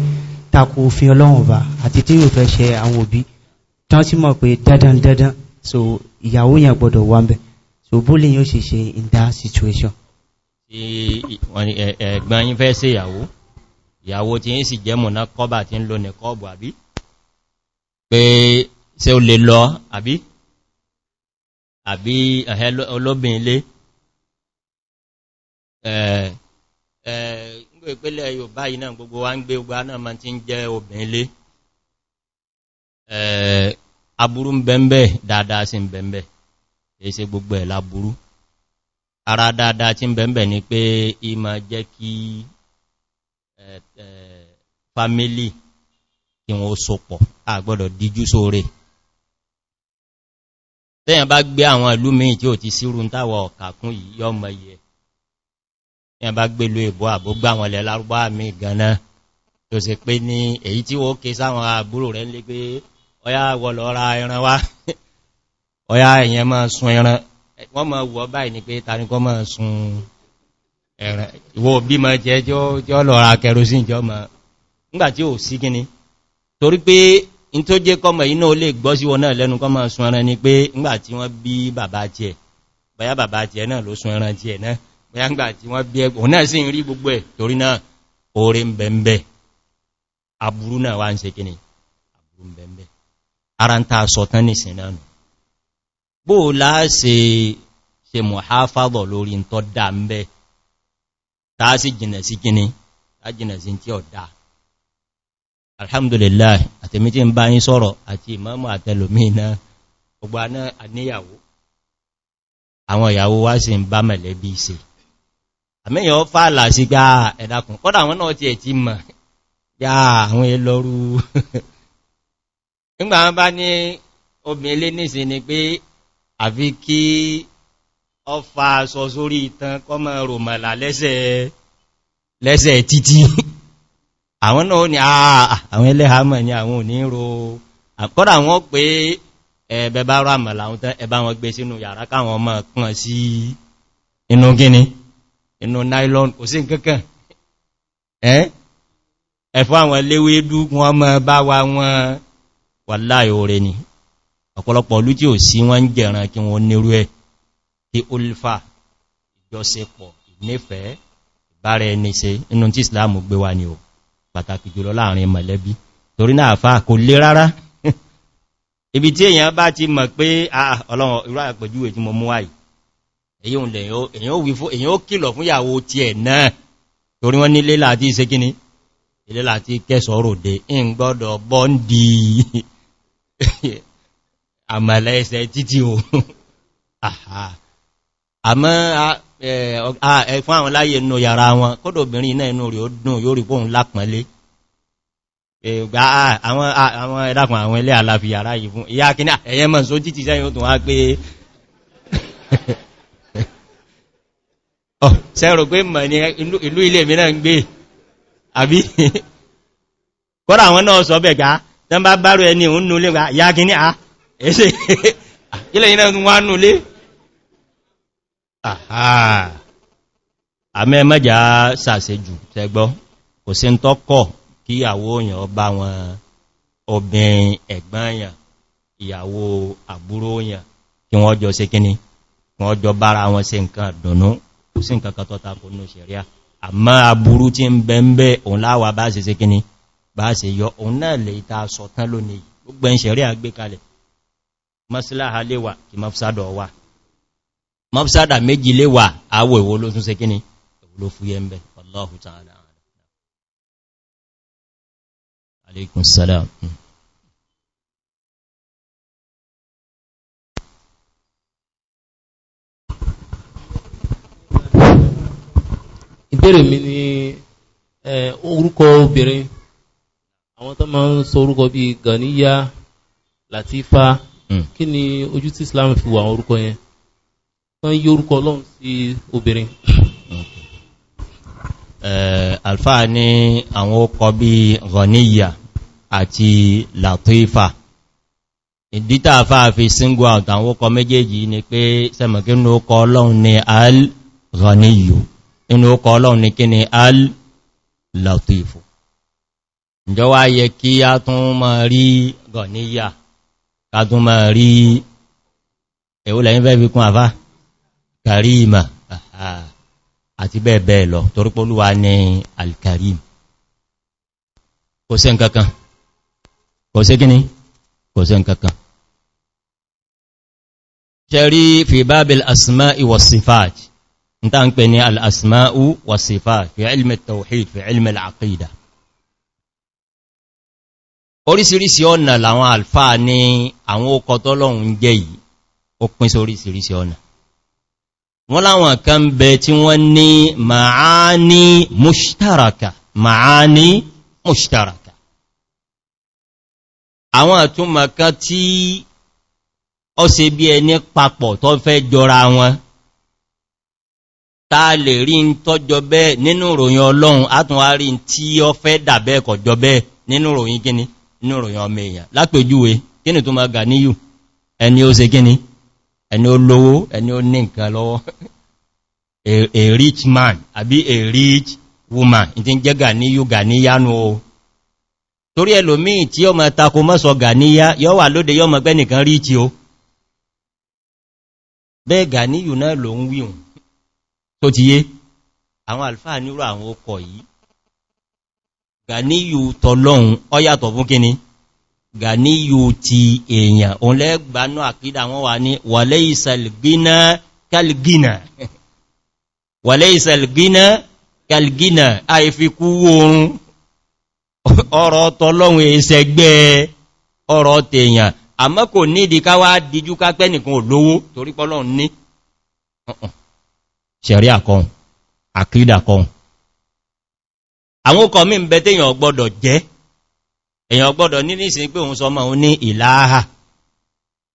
tako òfin ọlọ́run bá àti téyàn fẹ́ ṣe àwọn òbí tán sí mọ̀ pé dandan dandan so ìyàwó yẹn gbọ́dọ̀ wà ń so bó lè yíó ṣe ṣe in that situation ẹ̀gbọ́n yí fẹ́ sí ìyàwó ìyàwó tí yí sì jẹ́mù náà kọ́bà tí ń lò ní kọ́bù àbí pé ṣe o lè lọ àbí àbí ẹ̀hẹ́ olóbìn ilé ẹ̀ẹ̀gbẹ̀ ìpínlẹ̀ Yorùbá yìí náà gbogbo wa ń gbé ogbà náà ma ti ń ń bẹ̀m̀bẹ̀ dáadáa sí ń bẹ̀m̀bẹ̀ èsẹ gbogbo ẹ̀ láburú ara dáadáa tí ń bẹ̀m̀bẹ̀ ni pé ìmá jẹ́ kí fámílì kí wọ́n sopọ̀ àgbọ́dọ̀ díjú sóre tẹ́yàn bá gbé àwọn ìlú míì tí ò ti sírù ń táwọ̀ ọ̀kàkún yìí yọ́ mọ̀ yẹ tẹ́yàn bá gbé ló ìbò àbógbà wọn lẹ lárúbá mi ganan tó sì pé ní èyí tí ó ké sáwọn àbúrò rẹ̀ lé pé ọya wọ́lọ́ra ẹran wá ọ̀yá èyàn máa sun ẹran wọ́n máa wọ́ báyìí ni pé tanikọ́ máa sun ẹran ìwọ bí ma jẹ́ jọ lọ ra jọ ma nígbàtí ò sí gíní torí pé in tó jẹ́ kọmọ̀ iná olè gbọ́ sí wọn náà lẹ́nu kọ́ máa sun ẹran ni pé wọ́n bí bàbá bàbá náà ló sun ẹran náà wọ́n bí náà sì ń torí náà oore ń náà wá ń ara ń ta sọ tán bó láàṣe ṣe mọ̀háfàbọ̀ lórí tó dá ń bẹ́ tàá sí jìnà sí gíní tàá jìnà sí tí ó dá alhamdulillah àtẹ̀mí tí ń bá yín sọ̀rọ̀ àti ìmámù àtẹlòmí náà ọgbà náà àníyàwó àwọn ìyàwó wá sí ń bá mẹ̀lẹ́bí ṣe àmẹ́yàn fààlà sí gbá ah, ẹ̀dàkùn kọ́dà wọn náà ti ẹ̀ ti mọ̀ yá ah, àwọn ẹlọ́rú nígbà wọn bá ní obìnrin lé nìsìn ni pé àfi kí ọ fa aṣọ sórí ìtàn kọmọ rọmọlà lẹ́sẹ̀ títí àwọn náà ni àwọn ẹlẹ́hàmọ̀ ni àwọn òní ro àkọ́dà wọ́n pé ẹ̀bẹ̀ bá rọ àmàlà àwọn tán ẹbá wọn gbé sínú yàrá káwọn ọmọ kan sí inú gíní inú nylon kò sí nǹkankan ẹ̀fọ́ àwọn léwédú wọn mọ́ bá wa wọn wà láì oore ni ọ̀pọ̀lọpọ̀ olú tí ò sí wọ́n ń jẹ̀ràn kí wọ́n nírú ẹ̀ tí ó lfà ìjọsepọ̀ ìnífẹ̀ẹ́ ìbára ẹni se inú tí islamu gbé wa ni ò pàtàkì jùlọ láàrin mọ̀lẹ́bí torí náà fà kò lé rárá ibi tí èyàn bá ti mọ̀ pé ọlọ́run irú àmàlà ẹsẹ̀ títí o àmọ́ ẹ̀fún àwọn láyé inú yàrá wọn kódò obìnrin iná inú rí ó dùn yóò rí pòun lápọ̀nlé àwọn ẹ̀dàkùn àwọn ilé àlàfi yàrá yìí fún ìyá kí ní ẹ̀yẹ mọ̀ só títí sẹ́yìn ó tún wá pé sẹ́rò pé mọ̀ ní ìlú ilé mi náà ń gbé àbí kọ́rọ̀ àwọn ẹ̀ṣẹ́ ilẹ̀ iná wà nù lé àmẹ́ mẹ́jà sàṣẹ́jù tẹgbọ́ kò sí ń tọ́kọ̀ kí àwọ òyìn ọba wọn obìnrin ẹ̀gbọ́nyàn ìyàwó àbúrò òyìn kí wọ́n jọ ṣe kíní wọ́n jọ bára wọn ṣe nǹkan dùnnú kò sí nǹkan kan tọ́ta kò ní ṣẹ̀ríà àmọ́ aburú tí ń bẹ̀m̀bẹ̀ òun láwà bá ṣe ṣe kíní bá ṣe yọ òun náà lè ta sọ̀tán lónìí gbogbo ìṣẹ̀ríà gbé kalẹ̀ masláhà lè wà kí mafsádọ̀ wà mafsádà méjì lè wà àwọ̀ ìwò ló tún ṣe kíní ìwò ló fúyẹ́ ń bẹ̀ wallahu ta'ala alaykum salam ìbéèrè mi ni orúkọ obìnrin àwọn tó máa ń sọ orúkọ bí Ganiya Latifa Hmm. kí ni ojú tí Islam fi wà orúkọ yẹn tán yí orúkọ Ọlọ́run sí obìnrin alfa eh, ní àwọn ọkọ̀ bí Ghaniya àti Latifa ìdítà àfáà fi single out àwọn ọkọ̀ méjèèjì ni pé sẹ́mọ̀kí inú ọkọ̀ Ọlọ́run ni al-Ghaniyu inú ọkọ̀ Ọlọ́run ni kí ni al-Latifu ìjọwà yẹ kí a tún máa rí Ghaniya kàtún máa rí ẹ̀wọ́ lẹ́yìn fẹ́ fi kún àfá kàríìmà àti bẹ́ẹ̀ bẹ́ẹ̀ lọ torípólúwa ní alkarim kò sí nkankan kò sí gíní kò sí nkankan ṣẹ̀rí fi bábil asma'i wasifat ní ta ń pè ní al'asma'u wasifat fi ilmi tawhid fi ilmi al'aqida orísìírísìí ọ̀nà làwọn alfáà ní àwọn okọ̀ tọ́lọ́run jẹ́ yìí ó pín sí orísìírísìí ọ̀nà wọ́n láwọn kan bẹ tí wọ́n ní ma'áni mushtaraka ma'áni mushtaraka àwọn kan tí ọ se bí ẹni papọ̀ tó jọra wọn ta lè rí ń tọ́jọ bẹ́ẹ̀ nínú ìròyìn ọlọ́run átùnwárí tí fẹ́ dàbẹ́ kọjọ bẹ́ẹ̀ nínú níròyìn ọmọ èèyàn lápèjúwe kí ni tó máa gà níyù ẹni ó ṣe gíní ẹni ó lówó ẹni ó ní nǹkan lọ́wọ́ a rich man àbí a rich woman ìtí ń jẹ́ gà níyù gà níyánu o torí ẹlòmíì tí ọmọ tako mọ́sọ gà níyá yọ́ wà lóde yọ́ mọ̀ pẹ́ nìkan rich o bẹ́ẹ̀ gà níyù náà ló ń tó ti yé àwọn àlfáà nírò àwọn ọkọ̀ yìí gàníyù tọ́lọ́hun ọ yàtọ̀ fún kíni gàníyù ti èèyàn òun lẹ́gbàánú àkídà wọn wà ní wàlẹ́ ìsẹ̀lgínà kàlgínà àìfikú oorun ọ̀rọ̀ tọ́lọ́hun èsẹ̀gbẹ́ ọ̀rọ̀ tèèyàn àmọ́ kò ní ìdí ká wá díjú ká pẹ́ nìkan olówó torípọ́lọ́hun ní ṣẹ̀rí àkọhùn àkídà kọhùn àwọn ọkọ̀ mí ń bẹ tí èyàn gbọ́dọ̀ jẹ́ èyàn gbọ́dọ̀ ní nísìn pé òun sọmọ òun ní ìláhà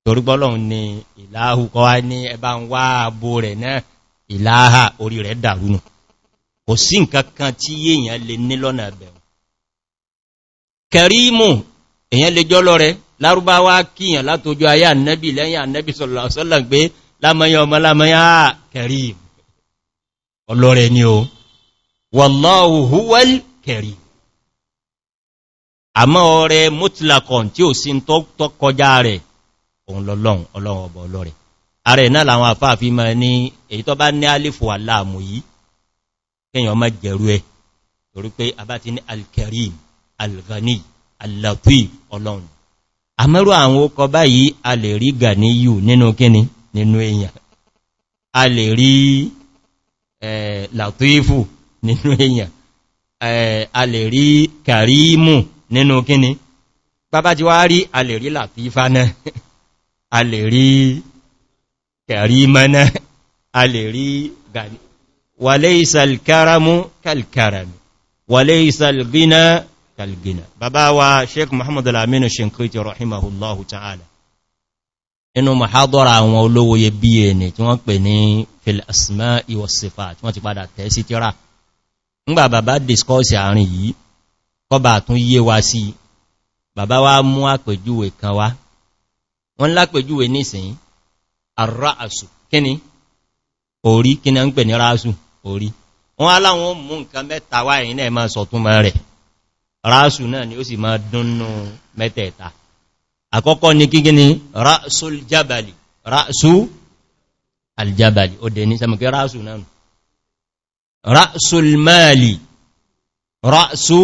torúgbọ́lọ́un ní ìláhù kọ́ wá ní ẹbá ń wá ààbò rẹ̀ náà ìláhà orí rẹ̀ dàrúnù kò sí nǹkan kan tí èyàn lè ní lọ́nà ẹ̀bẹ̀rún kẹrímù èyàn lè wallahu huwal karim àmọ́ ọrẹ mutlakon tí ó sí tó kọjá rẹ̀ òun lọ́lọ́run ọlọ́run ọba ọlọ́rẹ̀ ààrẹ náà làwọn àfáàfí ma ní èyí tó bá ní alifu aláàmù yìí kíyàn má jẹ̀rú ẹ torí pé àbá ti ní eh, latifu nínú èyàn a lè rí kàrímù nínú kíni bàbá ti wá rí a lè rí làtífà náà a lè rí kàrímà náà a lè rí gani walaysa al-karamu kal-karami walaysa al-ghina kal-ghina bàbá wa sheikh muhammad al-aminu rahimahullahu ta'ala inú mahadara àwọn olówó yẹ bí ẹni tí wọ́n pè ní fil asma'i was sifat wọ́n ti padà tẹ́ sí ńgbà bàbá discourse àárín yìí kọba tún yé wa sí bàbá wa mú àpèjúwe kan wá wọ́n lápèjúwe nísìn àrá àsù kíni orí kíni ń pè ní ráásù orí wọ́n aláwọn mú nǹkan mẹ́ta wá ẹ̀yìn náà máa sọ̀túnmọ́ rẹ̀ ráásù náà ni ó sì máa dúnnú mẹ́tẹ̀ẹ̀ta àkọ́kọ́ ni kíkí ni ráásù aljabali ráásù aljabali ó dẹ̀ ní sẹ́mọ̀kẹ́ ráásù náà ra'su al-mali ra'su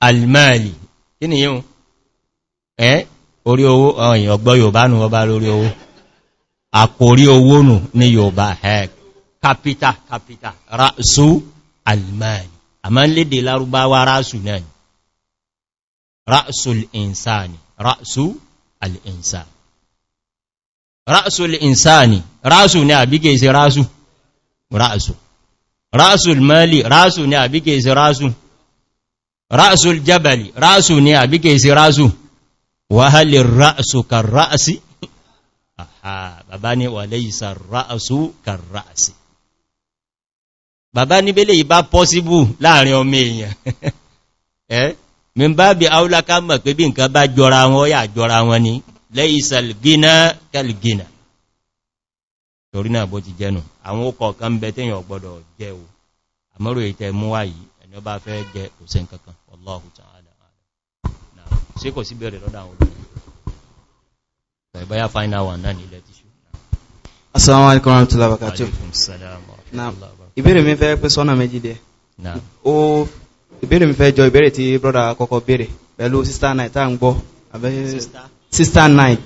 al-mali kíni yíò ẹ́ orí owó ọ̀yìn ọgbọ́ Yorùbá nù ọba lórí owó àpòrí owó nù ní Yorùbá ẹ̀ kapita kapita ra'su al-mali a ma ń lédè lárúbáwá ra'su náà ra'su al-insani ra'su al-insani ra'su al-insani ra'su ní àbíkẹ́ sí ra'su ra'su rasul mali rasu ni àbí kèèsì rasu rasul jabali rasu ni àbí kèèsì rasu wàhálì rasu kan rasi bàbá ni wà lẹ́yìsà rasu kan rasi bàbá ní belé ìbá pọ́síbù láàrin ọmọ èèyàn ẹ́ eh? min bá bí aúláká mọ̀ pé bí nǹkan bá jọra wọn yà jọra wọn ni lẹ́yìsà gina kalgina torí náà bó ti jẹnu àwọn ó kọ̀ọ̀kan ń bẹ téèyàn ò gbọdọ̀ o àmọ́rò ìtẹ́ mú wá yìí ẹni ó bá fẹ́ jẹ kò sí nǹkankan Allahu ta'ala náà sí kò sí bẹ̀rẹ̀ lọ́dọ̀ final one náà ní ilẹ̀ tíṣù Assalamu alaikum warahmatullahi wabarakatuh ìbéèrè mi fẹ́ pẹ́ sọ́nà méjì dẹ̀ mfe jọ ìbéèrè tí brọ́dà kọ́kọ́ béèrè pẹ̀lú sister night tá ń sister night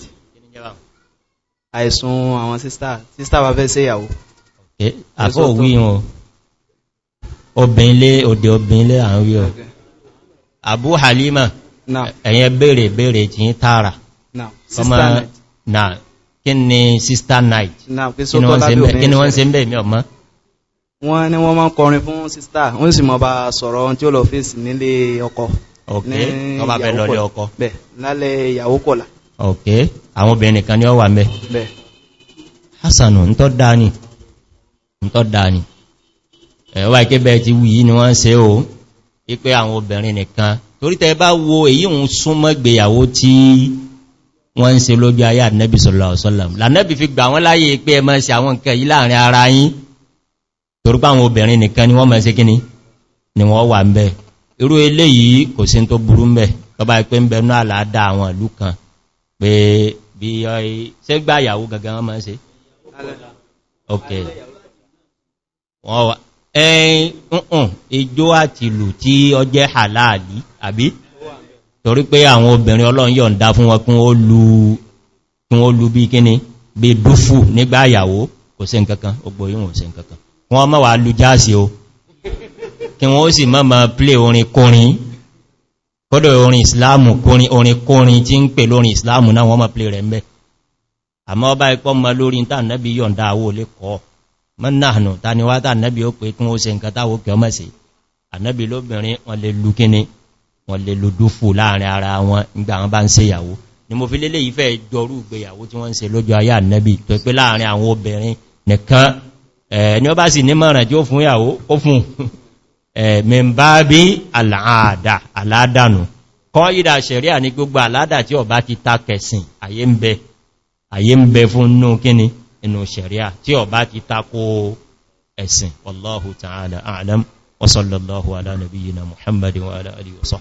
àìsùn àwọn sísítà sísítà bá fẹ́ sí ìyàwó àpọ̀ òwí wọn obìnlé òdè obìnlé à ń rí Abu Halima ẹ̀yẹn bèèrè bèèrè tí ń tààrà ọmọ na kí ni sister night kí ni wọ́n ṣe ń bẹ̀ mí ọmọ wọ́n ni wọ́n máa kọrin fún sister wọ́n sì mọ́ bá sọ̀rọ̀ tí ó lọ fèsì nílé ọkọ ní ìyàwó kọ̀lá àwọn obìnrin kan ní ọ wà mẹ́ hasanu ń tọ́ dáni ń tọ́ dáni ẹ̀wà ikébẹ̀ ti wù yí ni wọ́n ṣe o ipé àwọn obìnrin nìkan torí tẹ bá wo èyí ń súnmọ́ gbèyàwó tí wọ́n ń se lójú ayé àdínẹ́bì sọ̀rọ̀ ọ̀sọ́lọ̀m ni wọ́n mọ́ ni wọ́n wà ń bẹ́ irú eléyìí kò sí tó burú mẹ́ tọba bí i ṣẹ́gbà ìyàwó gangan wọ́n máa ń ṣe ok wọ́n wà ẹ̀yìn ǹkan ìjó àti lù tí ọ jẹ́ hàláàlì àbí torí pé àwọn obìnrin ọlọ́run yọ̀ǹda fún wọn kún ó lù bí kíní bí dúfù nígbà ìyàwó kò sí nkankan ogbò yíwọ̀n sí nkankan wọ́n mọ́ wà lù jáàsì o kí wọ́n ó sì mọ́ mọ́ plé orin kọrin kọ́dọ̀ orin islamu kórin orin kórin tí ń pè lórin islamu náà wọ́n mọ̀ plé rẹ̀ mẹ́ àmọ́ ọba ikọ́ mọ́ lórí tàà nẹ́bí yọ̀nda àwọ́ olè kọ́ mọ́nàánù tàníwá tàà nẹ́bí ó pé kún ó se nǹkan táwó kẹ́ ọmọ sí ànẹ́bí lóbìnrin wọn lè lú kíní wọn lè lù ni mo fi lélé ìfẹ́ ni ó bá sì ní mọ̀ràn Eh, mẹ́mbábí aláàdà aládànù kọ́ ìdà ṣẹ̀ríà ní gbogbo aládà tí ọba ti ta kẹsìn ayé ń bẹ ayé ń bẹ fún nú kíni inú ṣẹ̀ríà tí ọba ti ta kó ẹ̀sìn wallahu ta'ala a'lam wa ala nabiyyina muhammadin wa ala alihi wa